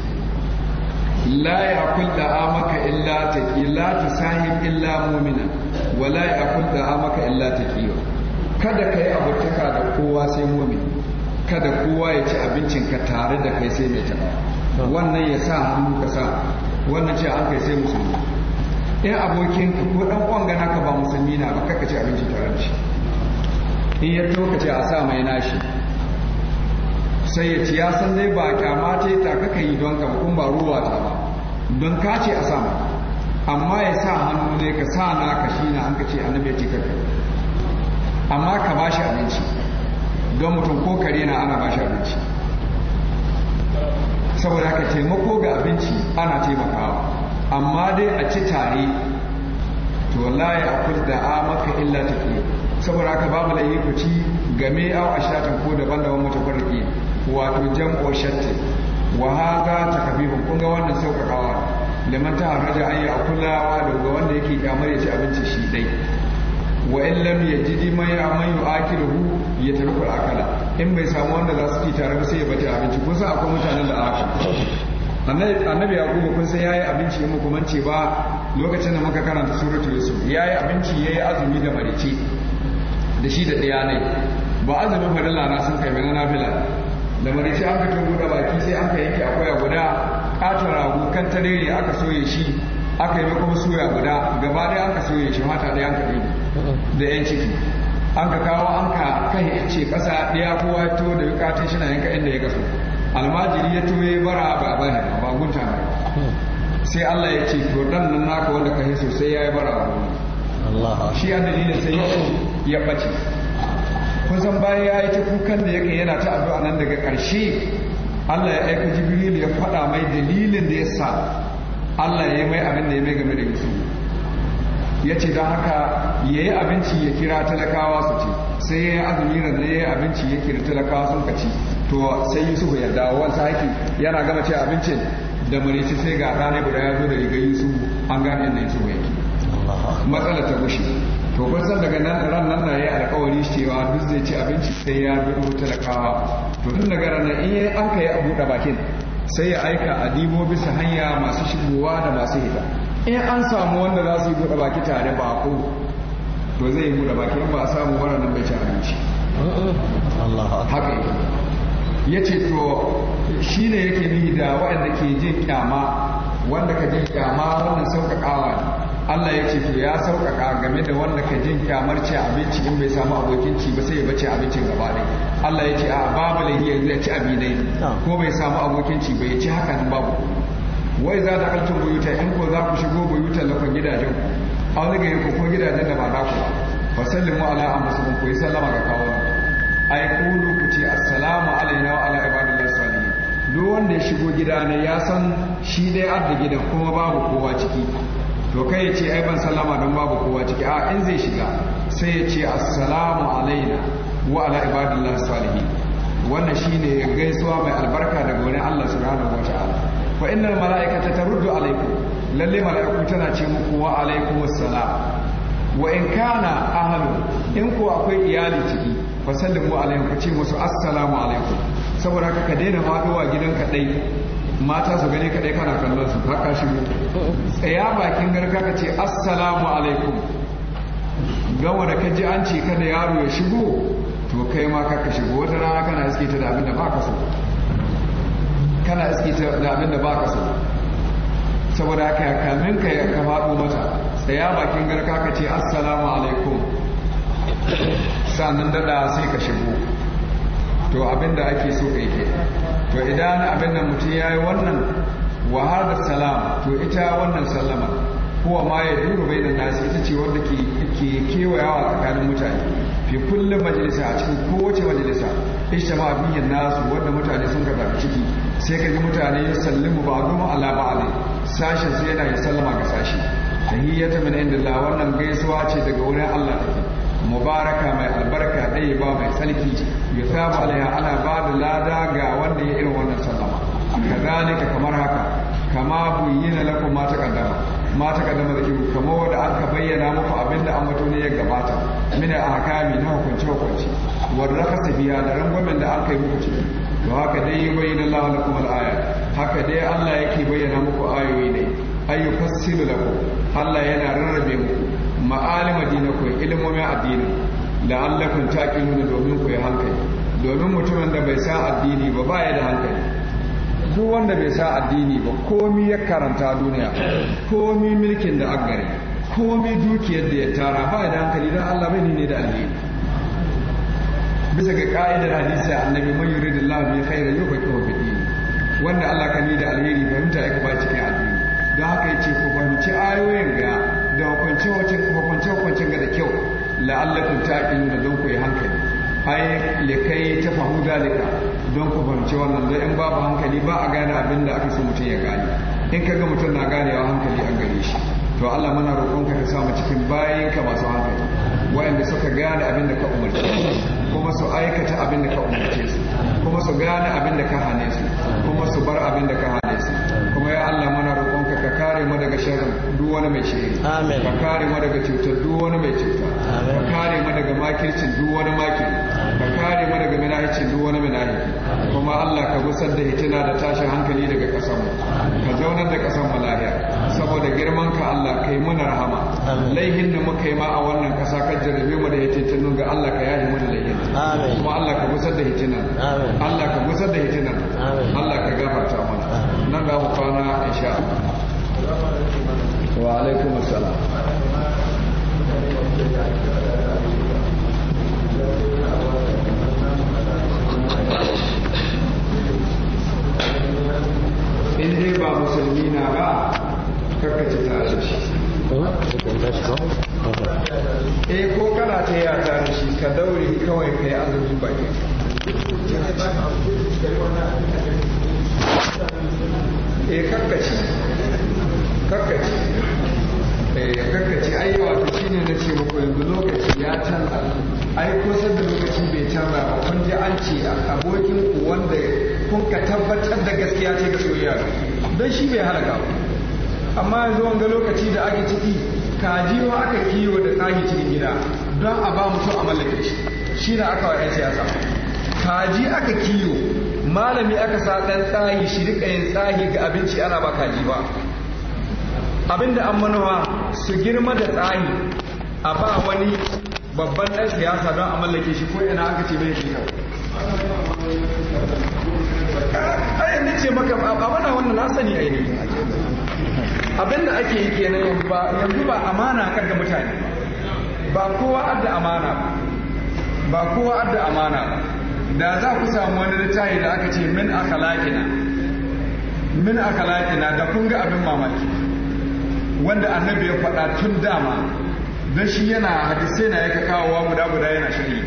la yakul da amaka illa taqi la tusahib illa mu'mina wa la yakul da amaka illa ta taqi kada kai abutaka da kowa sai mu'min kada kowa ya ci abincin ka tare da kai sai mai taɓa wannan ya sa hannu ka sa wannan ce an kai sai musulmi in abokin ka ko dan uwan gana ka ba musulmi na ba kaka ci abinci tare da shi in ya ce a sa mai nashi sai ya ci ya san dai ba kyama ta ta kaka yi don ka kun ba ruwa ta ba don ka ce a sa mai amma ya sa hannu ne ka sa na ka shi na an ka ce annabi ya ce kaka amma ka ba shi abinci don mutum ko kare na ana ba shi abinci saboda ka taimako ga abinci ana taimakawa amma dai a ci tare to wallahi akwai da a maka illa take saboda aka babu laifi ku ci game a ashatin ko daban-daban mutafarriqi wato jam'u shatti wa hadha takfifun kun ga wannan saukakawa liman ta haraja ayi da ga wanda yake kyamar ya ci abinci shi dai wa in lam yajidi man ya'man akiluhu yatarku akala in bai samu wanda za su ci tare sai ya bata abinci kusa akwai mutanen da aka annabi yaqubu kun san yayi abinci ya muku ba lokacin da muka karanta suratul yusuf yayi abinci ya yi azumi da marice da shi da ɗaya ne ba azumin farilla na sun kai na nafila da marice an fito buɗe baki sai an yanke akwai a guda katon rago kan tarere aka soye shi aka yi makon soya guda gaba ɗaya aka soye shi mata ɗaya aka ɗaya da yan ciki an ka kawo an ka kai ce ƙasa ɗaya kowa to da bukatun shi na yanka inda ya kaso almajiri ya tume bara ba bane ba gunta ne sai Allah ya ce to dan nan naka wanda ka hiso sai yayi bara Allah shi a dalilin sai ya ya bace kusan bayan ya yi ta kukan da yake yana ta addu'a nan daga karshe. Allah ya aika Jibril ya faɗa mai dalilin da ya sa Allah ya yi mai abin da ya mai game da Yusuf ya ce don haka ya yi abinci ya kira talakawa su ce sai ya yi azumi ranar ya yi abinci ya kira talakawa sun ka ci to sai yusuf ya dawo wani sahaki yana gama ce abincin da marici sai ga ɗane guda ya zo da riga yusufu an gane inda yusufu yake matsala ta gushe to kun daga nan ran nan na yi alkawari cewa duk zai ci abinci sai ya bi da kawa to tun daga ran nan in an ka yi a buɗe bakin sai ya aika a dibo bisa hanya masu shigowa da masu hita in an samu wanda za su yi buɗe baki tare ba ko to zai yi buɗe baki ba a samu waɗannan bai ci abinci haka ya ce to shi ne yake ni da waɗanda ke jin kyama wanda ka jin kyama wannan sauƙaƙawa ne Allah ya ce to ya sauƙaƙa game da wanda ka jin kyamar ci abinci in bai samu abokin ci ba sai ya bace abincin gaba ɗaya Allah ya ce a babu laifi yanzu ya ci abinai ko bai samu abokin ci bai ci hakan babu wai za da alkin buyuta in ko za ku shigo buyuta lakon gidajen ku an riga ko gidajen da ba naku ba fa sallimu a anfusikum ku yi sallama ga kawo ai kulu ku ce assalamu alaina wa ala ibadillah salihin duk wanda ya shigo gida ne ya san shi dai adda gidan kuma babu kowa ciki to kai ya ce ai ban sallama don babu kowa ciki a in zai shiga sai ya ce assalamu alaina wa ala ibadillah salihin wannan shine gaisuwa mai albarka daga wurin Allah subhanahu wataala fa innal mala'ikata taruddu alaikum lalle mala'iku tana ce muku wa alaikum salaam. wa in kana ahlu in ko akwai iyali ciki fasallimu alaikum ku ce musu assalamu alaikum saboda haka ka daina faduwa gidan ka dai mata su gane ka dai kana kallon su haka shi tsaya bakin garka ka ce assalamu alaikum gawa da ji an ce kada yaro ya shigo to kai ma ka shigo wata rana kana iske ta da abin da baka so kana iske ta da abin da baka so saboda haka kamin ka ya ka faɗo mata tsaya bakin garka ka ce assalamu alaikum sannan dada sai ka shigo to abinda ake so ka yi to idan abin nan mutum ya yi wannan wahalar da salam to ita wannan sallama kowa ma ya duru bai nan nasi ita ce wanda ke kewayawa tsakanin mutane fi kullum majalisa a cikin kowace majalisa ishtama biyan nasu wanda mutane sun gaba ciki sai ka ji mutane ya sallimu ba goma ala ba'ali sashen sai yana ya sallama ga sashi tahiyyatu min indillah wannan gaisuwa ce daga wurin Allah take mubaraka mai albarka ɗaya ba mai tsarki. ya samu alaiha ana ba da lada ga wanda ya irin wannan sallama ka kamar haka kama buyyina mata ma Mata ma da zikru kama wanda aka bayyana muku abinda an mutu ne ya gabata min ahkami na hukunci hukunci wa rakasa biya da rangwamen da aka yi muku ciki to haka dai ya bayyana Allah lakum kuma ayat haka dai Allah yake bayyana muku ayoyi ne ayyufassilu lakum Allah yana rarrabe muku ma'alima dinakum ilmomin addinin la'allakum nuna domin ku yi hankali domin mutumin da bai sa addini ba baya da hankali duk wanda bai sa addini ba komi ya karanta duniya komi mulkin da aggare komi dukiyar da ya tara baya da hankali don Allah bai ne da alheri bisa ga ka'idar hadisi annabi man yuridillahu bi yau yufaqihu fi din wanda Allah ka ni da alheri fahimta ka ba cikin addini don haka ya ce ku fahimci ayoyin ga hukunce-hukuncen hukunce ga da kyau la'allakun taƙin da don ku yi hankali ai kai ta fahu dalika don ku fahimci wannan don in babu hankali ba a gane abin da aka so mutum ya gane in ka ga mutum na ganewa hankali an gane shi to Allah muna roƙon ka ka samu cikin bayin ka masu hankali waɗanda suka gane abin da ka umarce su kuma su aikata abin da ka umarce su kuma su gane abin da ka hane su kuma su bar abin da ka hane su kuma ya Allah muna ka kare mu daga sharrin duk wani mai shiri amin ka kare mu daga cutar duk wani mai cuta ka kare mu daga makircin duk wani makiri ka kare mu daga minahicin duk wani minahi kuma Allah ka gusar da hitina da tashin hankali daga kasar mu ka zaunar da kasar mu lafiya saboda girman ka Allah kai muna rahama laihin da muka yi ma a wannan kasa ka jarabe mu da hitintinu ga Allah ka yaji mu da laihin kuma Allah ka gusar da hitina Allah ka gusar da hitina Allah ka gafarta mana nan ga mu kwana insha Allah wa alaikum assalam gaskiya ce ga soyayya don shi bai halaka ba amma yanzu wanga lokaci da ake ciki wa aka kiwo da tsagi cikin gida don a ba mutum a mallake shi shi na aka wa 'yan siyasa kaji aka kiwo malami aka sa ɗan tsahi shi rika yin tsahi ga abinci ana ba kaji ba abinda an manowa su girma da tsahi a ba wani babban ɗan siyasa don a mallake shi ko ina aka ce mai shi ai ni ce maka ba bana wannan na sani ai ne abinda ake yi kenan yanzu ba yanzu ba amana kan da mutane ba kowa adda amana ba kowa adda amana ba da za ku samu wani littafi da aka ce min akhlaqina min akhlaqina da kun ga abin mamaki wanda annabi ya faɗa tun dama don shi yana hadisai na yaka kawowa guda guda yana shiri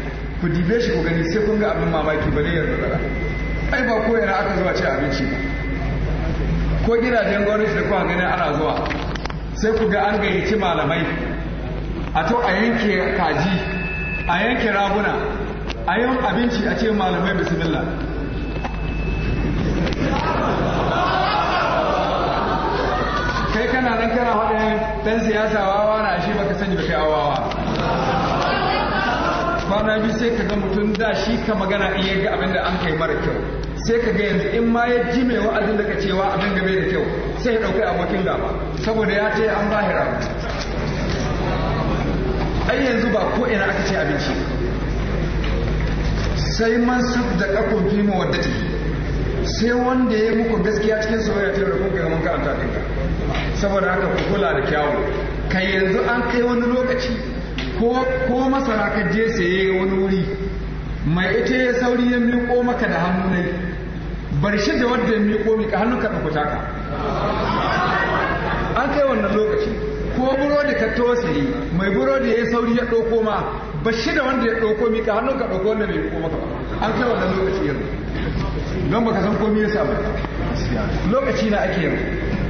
ku dibe shi ku gani sai kun ga abin mamaki ba ne yanzu ai ba ko yana aka zuwa ci abinci ba ko gidajen gwamnati da kuma ganin ana zuwa sai ku ga an gayyaci malamai a to a yanke kaji a yanke raguna a yi abinci a ce malamai bismillah kai kana nan kana faɗin ɗan siyasa wawa na shi baka sani baka awawa kwana biyu sai ka ga mutum da shi ka magana iya ga abin da an kai mara kyau sai ka ga yanzu in ma ya ji mai wa'azin ka cewa abin da da kyau sai ya ɗauki abokin gaba saboda ya ce an ba hira ai yanzu ba ko ina aka ce abinci sai man sab da fima wadda mawaddati sai wanda ya muku gaskiya cikin soyayya ta da kuka mun karanta saboda haka ku kula da kyawu kai yanzu an kai wani lokaci ko masara ka je saye wani wuri mai ita ya sauri ya miƙo maka da hannu ne bar shi da wanda ya miƙo miƙa hannu ka ɗauka taka an kai wannan lokaci ko burodi ka tose mai burodi ya sauri ya ɗauko ma bar shi da wanda ya ɗauko miƙa hannu ka ɗauko wanda bai miƙo maka an kai wannan lokaci yau don baka san komai ya samu lokaci na ake yau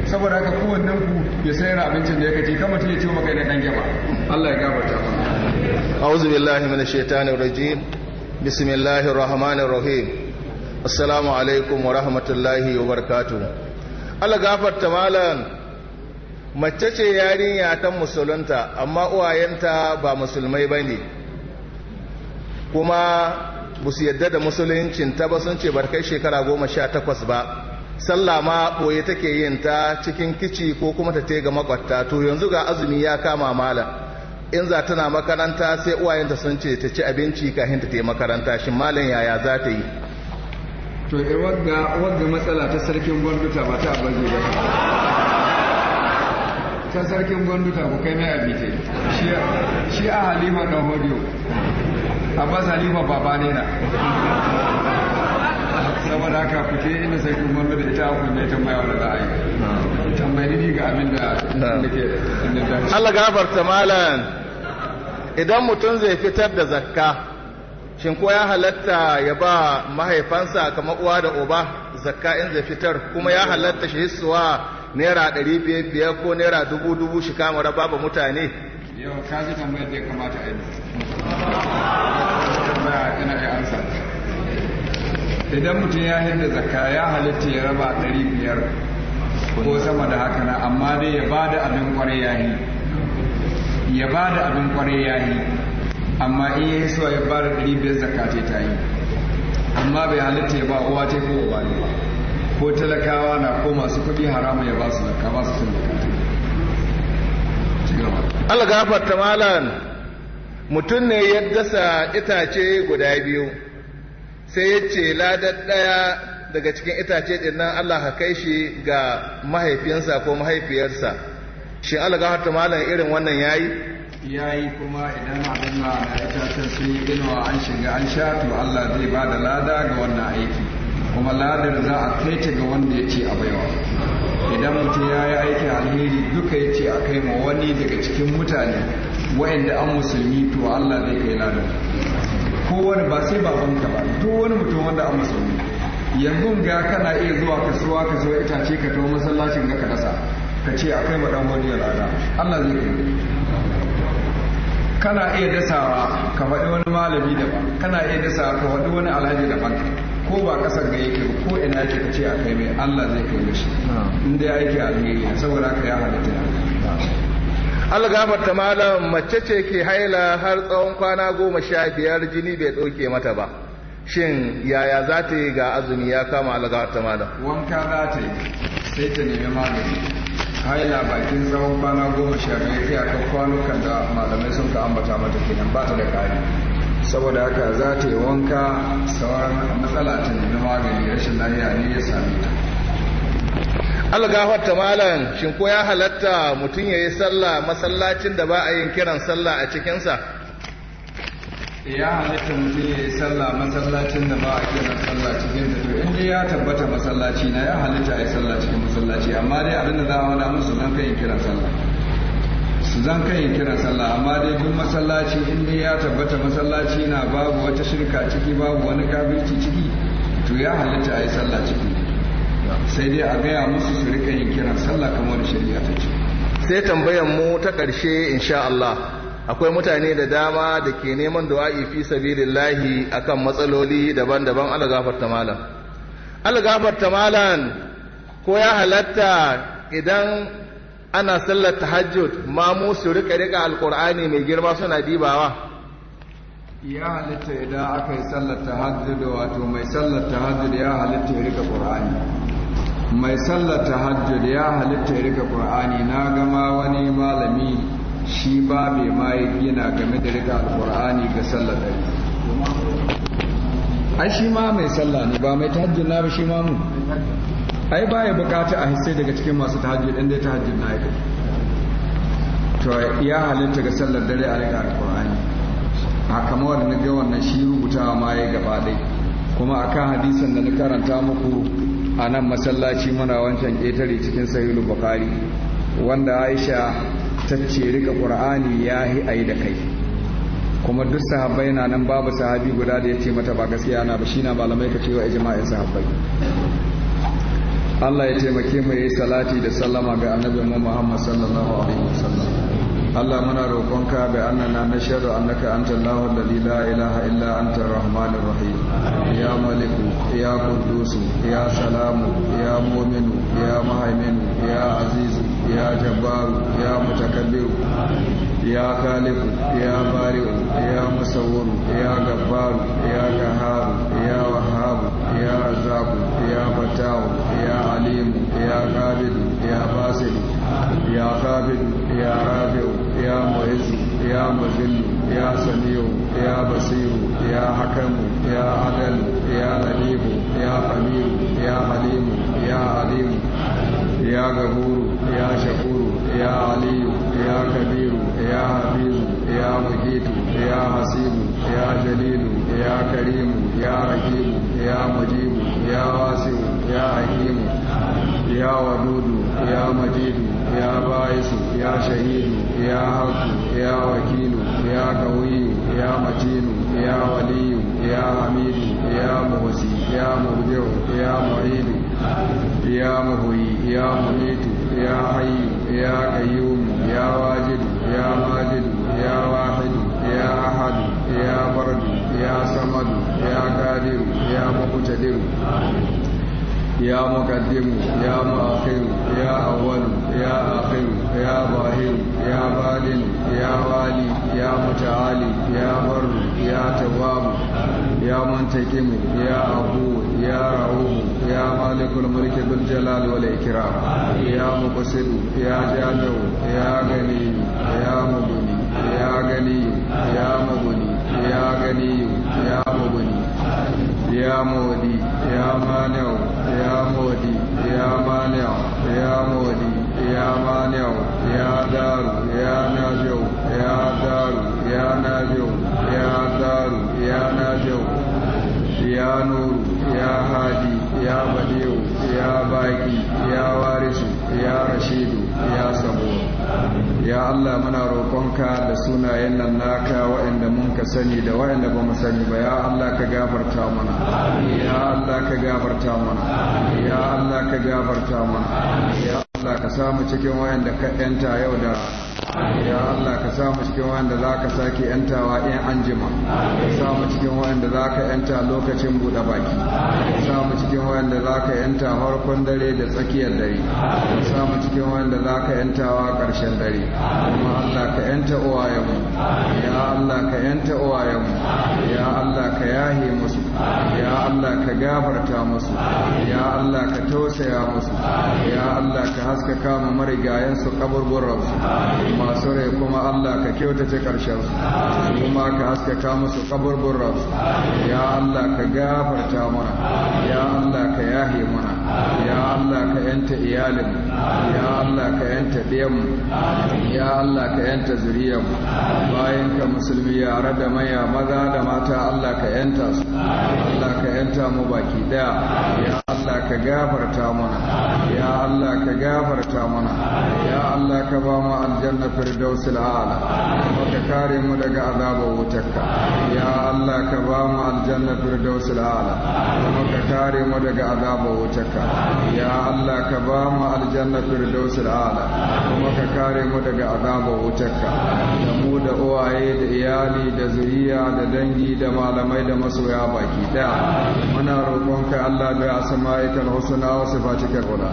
saboda haka kowannen ku ya yana abincin da ya kace kama tun ya ce maka ne dan gaba Allah ya gabata mana a'udhu billahi minash shaitanir rajim bismillahir rahmanir rahim assalamu alaikum wa rahmatullahi wa barakatuh Allah gafarta malam mace ce yarinya ta musulunta amma uwayenta ba musulmai bane kuma ba yadda da musuluncinta ba sun ce barkai shekara goma sha takwas ba sallah ma boye take yin ta cikin kici ko kuma ta tega makwatta to yanzu ga azumi ya kama malam in za tana makaranta sai uwayenta sun ce ta ci abinci kafin ta makaranta shin malam yaya za ta yi to e wagga wagga matsala ta sarkin gwanduta ba ta abaje ba ta sarkin gwanduta ku kai mai abinci, shi a halima da hodiyo abbas halima baba ne na saboda haka ku je inda sai kun da ita ku ne tambaya wanda za a yi tambayi ni ga abin da nake Allah gafarta malam idan mutum zai fitar da zakka shin ko ya halatta ya ba mahaifansa kamar uwa da uba zakka in zai fitar kuma ya halatta shi hissuwa naira ɗari biyar biyar ko naira dubu dubu shi kama raba ba mutane yau ka ji tambayar da ya kamata a yi ina da ansa idan mutum ya hidda zakka ya halitta ya raba ɗari biyar ko sama da haka na amma dai ya ba da abin kwarai ya yi ya ba da abin kwarai ya yi amma in ya yi ya ba da ɗari biyar zakka ce ta yi amma bai halitta ya ba uwa ce ko uwa ne ba ko talakawa na ko masu kuɗi haramu ya ba su zakka ba su sun zakka Allah gafarta malam mutum ne ya dasa itace guda biyu sai ya ce ladar ɗaya daga cikin itace ɗin nan Allah ka kai shi ga mahaifiyarsa ko mahaifiyarsa shi Allah ga malam irin wannan yayi yayi kuma idan abin na da itacen sun yi inuwa an shiga an sha to Allah zai ba da lada ga wannan aiki kuma ladar za a kai ta ga wanda ya ce a baiwa idan mutum ya yi a alheri duka ya ce a kai ma wani daga cikin mutane wa'anda an musulmi to Allah zai kai ladar Ko wani ba sai babanka ba duk wani mutum wanda an musulmi yanzu ga kana iya zuwa kasuwa ka zo itace ka tawo masallacin ga ka dasa ka ce a kai madan wani yalada Allah zai kai kana iya dasawa ka faɗi wani malami da ba kana iya dasawa ka faɗi wani alhaji da ba ko ba kasar ga yake ko ina yake ka ce a kai mai Allah zai kai mishi in dai aiki alheri saboda ka ya halatta algamar ta malam mace ce ke haila har tsawon kwana goma sha biyar jini bai ɗauke mata ba shin yaya za ta yi ga azumi ya kama algamar ta malam wanka za ta yi sai ta nemi magani haila bakin tsawon kwana goma sha biyar kwano kwanukan da malamai sun ka ambata mata kenan ba ta da kari saboda haka za ta yi wanka sauran matsala ta nemi magani rashin lafiya ne ya same ta algahar malam shin ko ya halatta mutum ya yi sallah masallacin da ba a yin kiran sallah a cikinsa ya halatta mutum ya yi sallah masallacin da ba a kiran sallah cikin da to dai ya tabbata masallaci na ya halitta ya yi sallah cikin masallaci amma dai abinda za a wada musu zan kai kiran sallah su zan kai kiran sallah amma dai duk masallaci in dai ya tabbata masallaci na babu wata shirka ciki babu wani kabirci ciki to ya halitta a yi sallah ciki sai dai a gaya musu su rika yin kiran sallah kamar shari'a ta ce sai tambayan mu ta ƙarshe insha Allah akwai mutane da dama da ke neman du'a'i fi sabilillahi akan matsaloli daban-daban algafarta malam algafarta malam ko ya halatta idan ana sallar tahajjud ma mu su rika rika alqur'ani mai girma suna dibawa ya halitta idan aka yi sallar tahajjud wato mai sallar tahajjud ya halitta ya rika qur'ani mai sallar tahajjud ya halitta ya rika qur'ani na gama wani malami shi ba mai ma gina game da rika alqur'ani ga sallar dare ai shi ma mai sallar ne ba mai tahajjud na ba shi ma mu ai ba ya bukata a hisse daga cikin masu tahajjud din dai tahajjud na yake to ya halitta ga sallar dare a rika alqur'ani a kamar wanda na ga wannan shi rubutawa ma ya gaba dai kuma akan hadisin da na karanta muku a nan masallaci muna wancan ƙetare cikin sahilu bukari wanda aisha ta ce rika qur'ani ya yi da kai kuma duk sahabbai na nan babu sahabi guda da ya ce mata ba gaskiya na ba shi na malamai ka cewa ijma'in sahabbai Allah ya taimake mu yi salati da sallama ga annabi Muhammad sallallahu alaihi wasallam Allah muna roƙonka bai annana na shaɗu annaka anta Allahu alladhi la ilaha illa anta arrahmanir rahim ya maliku ya quddus ya salamu ya mu'minu ya muhaiminu ya azizu ya jabbaru ya mutakabbiru ya khaliqu ya bari'u ya musawwiru ya gabbaru ya qaharu ya wahhabu ya razzaqu ya fatahu ya alimu ya qabidu ya basiru ya qabidu ya مذل يا سميع يا بصير يا حكم يا عدل يا لطيف يا خبير يا حليم يا عليم يا غفور يا شكور يا علي يا كبير يا حفيظ يا مجيد يا حسيب يا جليل يا كريم يا رحيم يا مجيب يا واسع يا حكيم يا ودود يا مجيد ya ba'isu ya shahidu ya haku ya wakilu ya kawiyu ya matinu ya waliyu ya hamidu ya muhsi ya murjiu ya mu'idu ya muhuyi ya mumitu ya hayyu ya qayyum ya wajidu ya majidu ya wahidu ya ahadu ya bardu ya samadu ya qadiru ya muqtadiru ya muqaddimu ya mu'akhiru ya awwalu يا أخي يا باهر يا بادل يا والي يا متعالي يا بر يا تواب يا منتقم يا أبو يا رؤوف يا مالك الملك بالجلال والإكرام يا مقصد يا جامع يا غني يا مغني يا غني يا مغني يا غني يا مغني يا مودي يا مانع يا مودي يا مانع يا مودي يا مانع يا دار يا ناجو يا دار يا ناجو يا دار يا ناجو يا نور يا هادي يا بديع يا باقي يا وارث يا رشيد يا صبور ya Allah muna roƙonka da sunayen nan naka waɗanda mun ka sani da waɗanda ba mu sani ba ya Allah ka gafarta mana ya Allah ka gafarta mana ya Allah ka gafarta mana Allah ka samu cikin wayan da ka yanta yau da ya Allah ka samu cikin da za ka sake yantawa in an jima ka samu cikin da za ka yanta lokacin buɗe baki ka samu cikin da za ka yanta farkon dare da tsakiyar dare ka samu cikin da za ka yantawa ƙarshen dare kuma Allah ka yanta uwayenmu ya Allah ka yanta uwayenmu ya Allah ka yahe musu ya Allah ka gafarta musu ya Allah ka tausaya musu ya Allah ka haskaka su marigayensu kaburburransu masu rai kuma Allah ka kyautace su kuma ka kama su musu kaburburransu ya Allah ka gafarta mana ya Allah ka yahi mana ya Allah ka yanta iyalin ya Allah ka yanta ɗiyanmu ya Allah ka yanta zuriyarmu bayan ka musulmi yare da maya maza da mata Allah ka yanta su Allah ka yanta mu baki daya ya Allah ka gafarta mana ya Allah ka gafarta mana ya Allah ka ba mu aljanna firdausul a'la kuma ka kare mu daga azabar wutarka ya Allah ka ba mu aljanna firdausul a'la kuma ka kare mu daga azabar wutarka ka ya Allah ka ba mu aljanna firdausul ala kuma ka kare mu daga azabar ka. da mu da uwaye da iyali da zuriya da dangi da malamai da masoya baki daya muna ka Allah da asma'ikal husna wa ka kula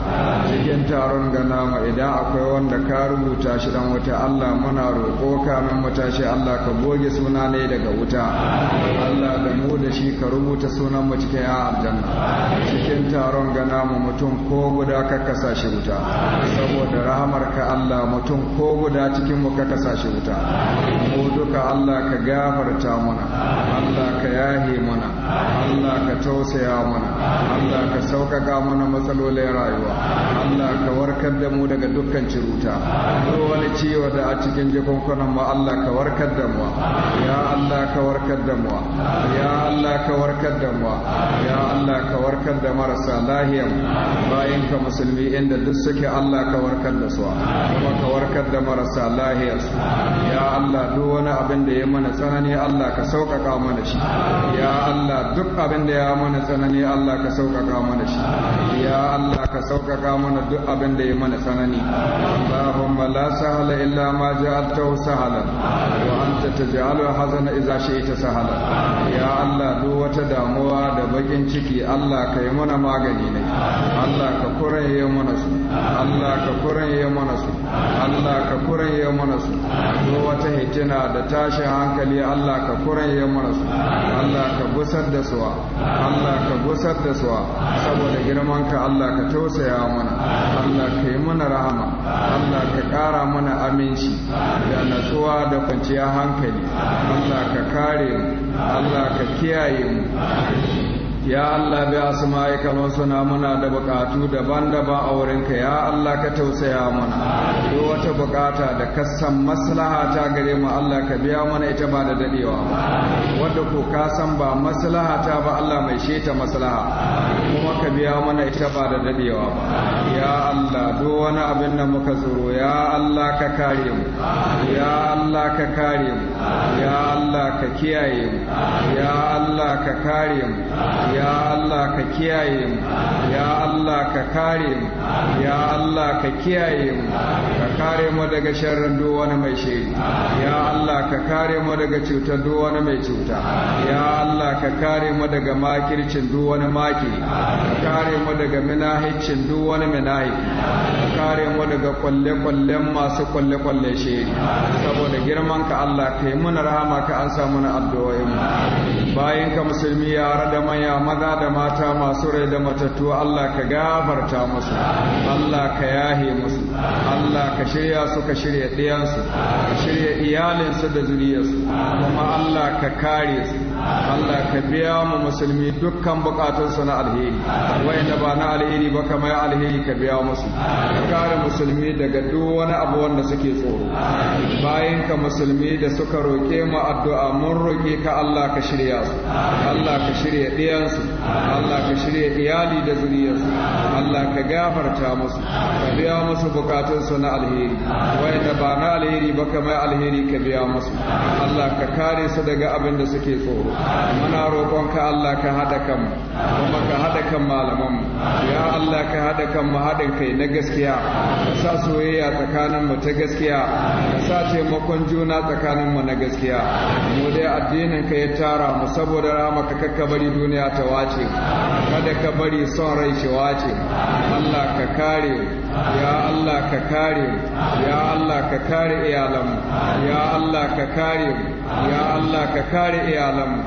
cikin taron gana ma idan akwai wanda ka rubuta shi dan wuta Allah muna roƙo ka min mutashi Allah ka goge suna ne daga wuta Allah da mu da shi ka rubuta sunan mu cikin ya aljanna cikin taron gana namu mutum ko guda ka kasa shi wuta saboda rahamar ka Allah mutum ko guda cikin mu ka kasa shi wuta mu duka Allah ka gafarta mana Allah ka yahe mana Allah ka tausaya mana Allah ka sauƙaƙa mana matsalolin rayuwa Allah ka warkar da mu daga dukkan ciruta ko wani ciwo da a cikin jikunkunan mu Allah ka warkar da mu ya Allah ka warkar da mu ya Allah ka warkar da mu ya Allah ka warkar da marasa lahiya gare mu bayan ka musulmi inda duk suke Allah ka warkar da su kuma ka warkar da marasa lahiyar su ya Allah duk wani abin da ya mana tsanani Allah ka sauƙaƙa mana shi ya Allah duk abin da ya mana tsanani Allah ka sauƙaƙa mana shi ya Allah ka sauƙaƙa mana duk abin da ya mana tsanani Allahumma la sahala illa ma ja'altahu sahala wa anta taj'alu hazana idza shi'ta sahala ya Allah duk wata damuwa da bakin ciki Allah ka yi mana magani ne Allah ka ya mana su Allah ka ya mana su Allah ka ya mana su ko wata hitina da tashin hankali Allah ka ya mana su Allah ka gusar da suwa Allah ka gusar da suwa saboda girman ka Allah ka tausaya mana Allah ka yi mana rahama Allah ka ƙara mana aminci da natsuwa da kwanciyar hankali Allah ka kare mu Allah ka kiyaye mu ya Allah bi asma'i wa suna muna da bukatu daban-daban a wurinka ya Allah ka tausaya mana duk wata bukata da ka san maslaha ta gare mu Allah ka biya mana ita ba da dadewa wanda ko ka san ba maslaha ta ba Allah mai sheta maslaha kuma ka biya mana ita ba da dadewa ya Allah duk wani abin da muka tsoro ya Allah ka kare mu ya Allah ka kare mu ya Allah ka kiyaye mu ya Allah ka kare mu ya Allah ka kiyaye mu ya Allah ka kare mu ya Allah ka kiyaye mu ka kare mu daga sharrin duk wani mai shiri ya Allah ka kare mu daga cutar duk wani mai cuta ya ka kare mu daga makircin duk wani maki ka kare mu daga minahicin duk wani minahi ka kare mu daga kwalle-kwallen masu kwalle-kwalle shi saboda girman ka Allah ka yi mana rahama ka an samu na addu'o'in bayan ka musulmi yare da maya maza da mata masu rai da matattu Allah ka gafarta musu Allah ka yahe musu Allah ka shirya su ka shirya ɗiyansu ka shirya iyalinsu da zuriyarsu kuma Allah ka kare su Allah ka biya mu musulmi dukkan bukatunsu na alheri wayanda ba na alheri ba kamar alheri ka biya musu ka kare musulmi daga duk wani abu wanda suke tsoro bayan ka musulmi da suka roke mu addu'a mun roke ka Allah ka shirya su Allah ka shirya ɗiyansu Allah ka shirya iyali da zuriyarsu Allah ka gafarta musu ka biya musu bukatunsu na alheri wayanda ba na alheri ba kamar alheri ka biya musu Allah ka kare su daga abin da suke tsoro muna roƙonka Allah ka haɗa kan kuma ka haɗa kan malamanmu ya Allah ka haɗa mu haɗin kai na gaskiya ka sa soyayya tsakanin mu ta gaskiya ka sa taimakon juna tsakanin mu na gaskiya mu dai addinin ka ya tara mu saboda rama ka kakka bari duniya ta wace kada ka bari son rai shi wace Allah ka kare ya Allah ka kare mu ya Allah ka kare iyalanmu ya Allah ka kare mu ya Allah ka kare iyalanmu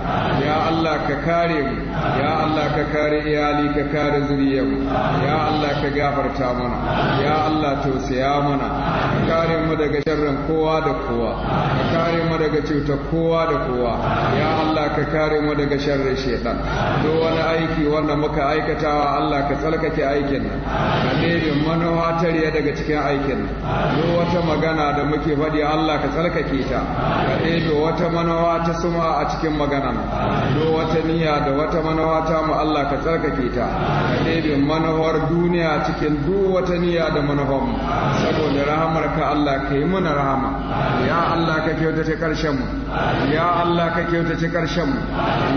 ya Allah ka kare mu ya Allah ka kare iyali ka kare zuriyarmu ya Allah ka gafarta mana ya Allah tausaya mana ka kare mu daga sharrin kowa da kowa ka kare mu daga cutar kowa da kowa ya Allah ka kare mu daga sharrin shedan duk wani aiki wanda muka aikatawa Allah ka tsarkake aikin nan ka nemi mano hatariya daga cikin aikin duk wata magana da muke faɗi Allah ka tsarkake ta ka ɗebe wata manawa ta suma a cikin magana duk wata niyya da wata manawa ta mu Allah ka tsarkake ta ka ɗebe manawar duniya cikin duk wata niyya da manawar mu saboda rahamar ka Allah ka yi mana rahama ya Allah ka ce karshen mu ya Allah ka ce karshen mu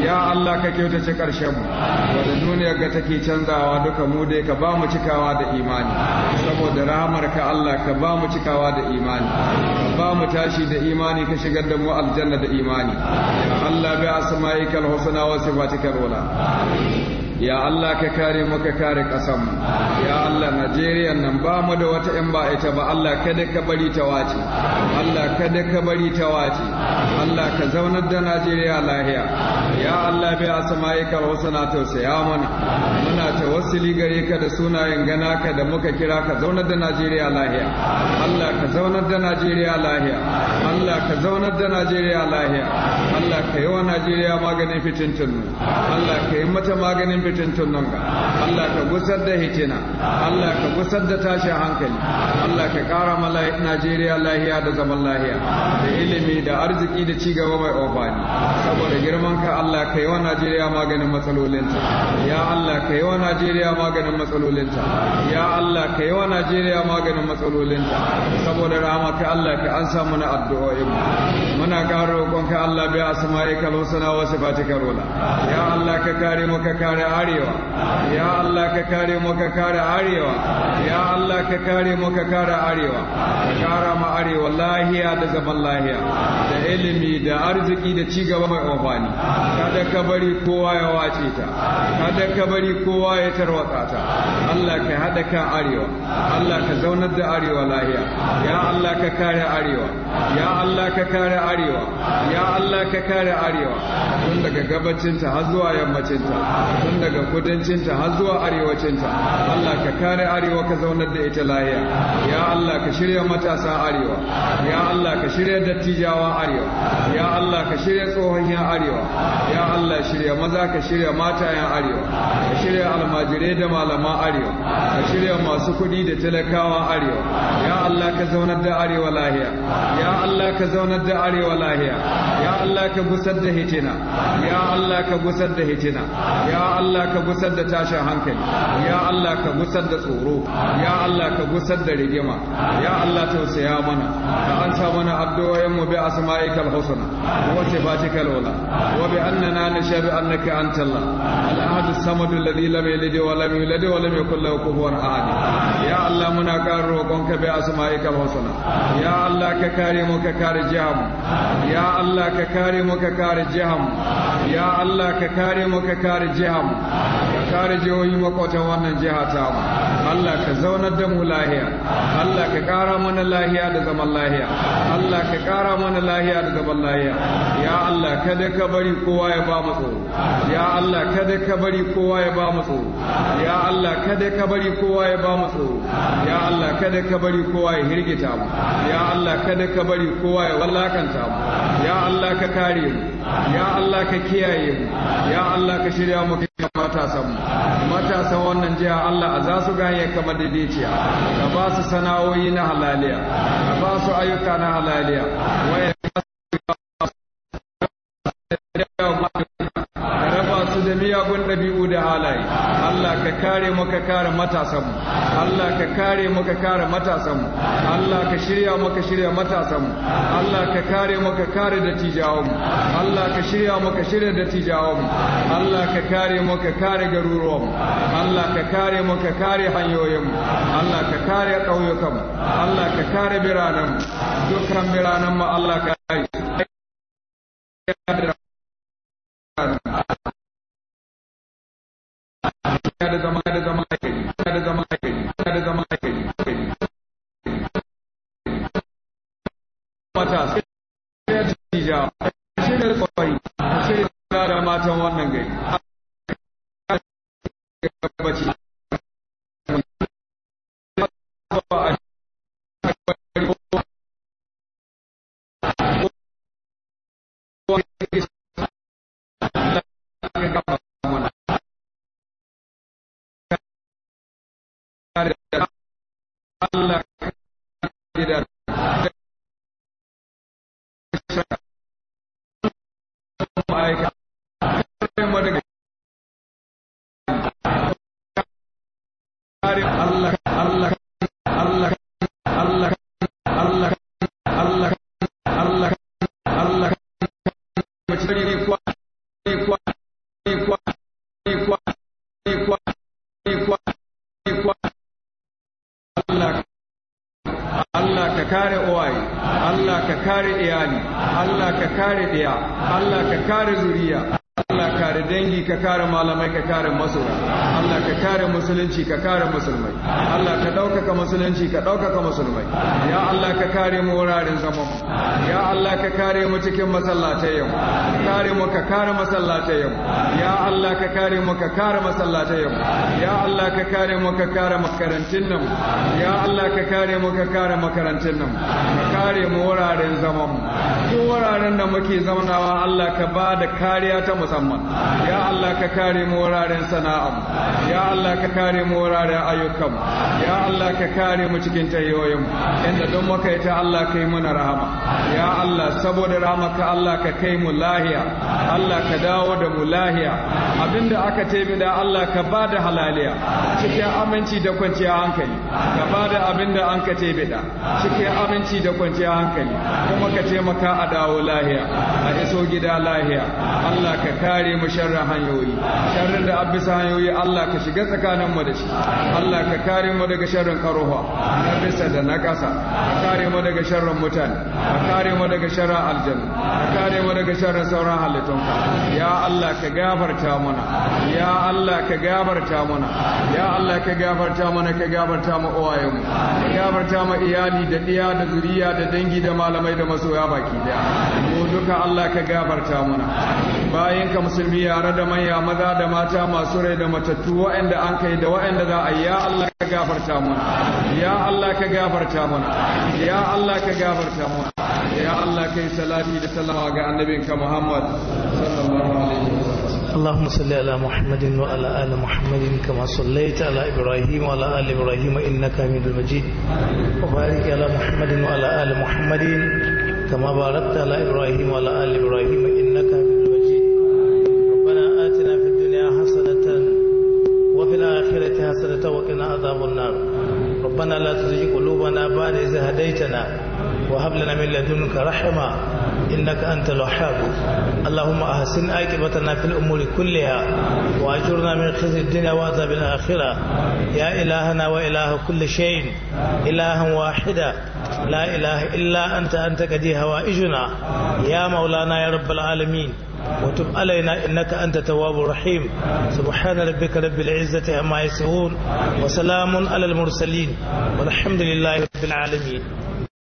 ya Allah ka ce karshen mu wanda duniyar ga take canzawa duka mu dai ka ba mu cikawa da imani saboda rahamar ka Allah ka ba mu cikawa da imani ba mu tashi da imani ka shigar da mu aljanna da imani Allah bi asma'ikal husna wa sifatikal ula amin ya Allah ka kare mu ka kare kasan mu ya Allah Najeriya nan ba mu da wata ƴan ba ita ba Allah kada ka bari ta wace Allah kada ka bari ta wace Allah ka zaunar da Najeriya lahiya ya Allah bai asma'ika husna tausaya mana muna ta wasili gare ka da sunayen gana ka da muka kira ka zaunar da Najeriya lahiya Allah ka zaunar da Najeriya lahiya Allah ka zaunar da Najeriya lahiya Allah ka yi wa Najeriya maganin fitintunu Allah ka yi mata maganin fitintun tunanka Allah ka gusar da hitina Allah ka gusar da tashin hankali Allah ka kara mala Najeriya lahiya da zaman lahiya da ilimi da arziki da cigaba mai ofani saboda girman ka Allah ka yi wa Najeriya maganin matsalolinta ya Allah ka yi wa Najeriya maganin matsalolinta ya Allah ka yi wa Najeriya maganin matsalolinta saboda rahama ka Allah ka an samu na addu'o'i muna ƙara roƙon ka Allah bai asma'i lusana wa sifatika rola ya Allah ka kare mu ka kare arewa ya Allah ka kare mu ka kare arewa ya Allah ka kare mu ka kare arewa ka kara ma arewa lahiya da zaman lahiya da ilimi da arziki da ci gaba mai amfani kada ka bari kowa ya wace ta kada ka bari kowa ya tarwatsa ta Allah ka hada kan arewa Allah ka zaunar da arewa lahiya ya Allah ka kare arewa ya Allah ka kare arewa ya Allah ka kare arewa tun daga gabacinta har zuwa yammacinta tun daga daga kudancinta har zuwa arewacinta Allah ka kare arewa ka zaunar da ita lahiya ya Allah ka shirya matasa arewa ya Allah ka shirya dattijawa arewa ya Allah ka shirya tsohon arewa ya Allah shirya maza ka shirya mata yan arewa ka shirya almajirai da malaman arewa ka shirya masu kuɗi da talakawa arewa ya Allah ka zaunar da arewa lahiya ya Allah ka zaunar da arewa lahiya ya Allah ka gusar da hitina ya Allah ka gusar da hitina ya Allah Allah ka gusar da tashin hankali ya Allah ka gusar da tsoro ya Allah ka gusar da rigima ya Allah tausaya mana ka ansa mana addu'o'in mu bi asma'ikal husna wa sifatikal ula wa bi annana nashhadu annaka antallah al-ahad as-samad alladhi lam yalid wa lam yulad wa lam yakul lahu kufuwan ahad ya Allah muna karo roƙonka bi asma'ikal husna ya Allah ka kare mu ka kare jiham ya Allah ka kare mu ka kare jiham ya Allah ka kare mu ka kare jiham ka kare jihohi makwatan wannan jiha ta mu Allah ka zaunar da mu lahiya Allah ka kara mana lahiya da zaman lahiya Allah ka kara mana lahiya da zaman lahiya ya Allah kada ka bari kowa ya ba mu tsoro ya Allah kada ka bari kowa ya ba mu tsoro ya Allah kada ka bari kowa ya ba mu tsoro ya Allah kada ka bari kowa ya hirgita mu ya Allah kada ka bari kowa ya wallakanta mu ya Allah ka kare mu ya Allah ka kiyaye mu ya Allah ka shirya mu kai matasan mu matasan wannan jiya Allah a za su gane kamar da daidaiciya ka ba su sana'o'i na halaliya ka ba su ayyuka na halaliya miyagun ɗabi'u da halaye Allah ka kare mu ka kare matasanmu Allah ka kare mu ka kare matasanmu Allah ka shirya mu ka shirya matasanmu Allah ka kare mu ka kare da tijawanmu Allah ka shirya mu ka shirya da tijawanmu Allah ka kare mu ka kare garuruwanmu Allah ka kare mu ka kare hanyoyinmu Allah ka kare ƙauyukanmu Allah ka kare biranenmu dukkan biranenmu Allah ka kare da zama da zama kare zuriya kare malamai ka kare masoya Allah ka kare musulunci ka kare musulmai Allah ka ɗaukaka musulunci ka ɗaukaka musulmai ya Allah ka kare mu wuraren zaman ya Allah ka kare mu cikin masallatai yau kare mu ka kare masallatai yau ya Allah ka kare mu ka kare masallatai yau ya Allah ka kare mu ka kare makarantun nan ya Allah ka kare mu ka kare makarantun nan ka kare mu wuraren zaman duk wuraren da muke zaunawa Allah ka ba da kariya ta musamman ya Allah Allah ka kare mu wuraren sana'am ya Allah ka kare mu wuraren ayyukan ya Allah ka kare mu cikin tayoyin inda don muka yi ta Allah kai mana rahama ya Allah saboda rahamaka Allah ka kai mu lahiya Allah ka dawo da mu lahiya abinda aka taimi da Allah ka ba da halaliya cikin aminci da kwanciya hankali ka ba da abinda an ka taimi da cikin aminci da kwanciya hankali kuma ka taimaka a dawo lahiya a iso gida lahiya Allah ka kare mu sharra hanyoyi hanyoyi sharrin da abisa hanyoyi Allah ka shiga tsakanin mu da shi Allah ka kare mu daga sharrin karuwa na bisa da na ƙasa ka kare mu daga sharrin mutane ka kare mu daga sharrin aljanna ka kare mu daga sharrin sauran ka ya Allah ka gafarta mana ya Allah ka gafarta mana ya Allah ka gafarta mana ka gafarta mu uwayen mu ka gafarta mu iyali da diya da zuriya da dangi da malamai da masoya baki daya mu duka Allah ka gafarta mana bayan ka musulmi yare da manya duniya maza da mata masu rai da matattu waɗanda an kai da waɗanda za a ya Allah ka gafarta mana ya Allah ka gafarta mana ya Allah ka gafarta mana ya Allah kai salati da salama ga ka Muhammad sallallahu اللهم صل على محمد وعلى آل محمد كما صليت على إبراهيم وعلى آل إبراهيم إنك حميد مجيد وبارك على محمد وعلى آل محمد كما باركت على إبراهيم وعلى آل إبراهيم إنك حميد الجنة وقنا عذاب النار ربنا لا تزغ قلوبنا بعد إذ هديتنا وهب لنا من لدنك رحمة إنك أنت الوهاب اللهم أحسن عاقبتنا في الأمور كلها وأجرنا من خزي الدنيا وعذاب الآخرة يا إلهنا وإله كل شيء إله واحدا لا إله إلا أنت أنت قدي هوائجنا يا مولانا يا رب العالمين وتب علينا إنك أنت تواب رحيم سبحان ربك رب العزة عما يصفون وسلام على المرسلين والحمد لله رب العالمين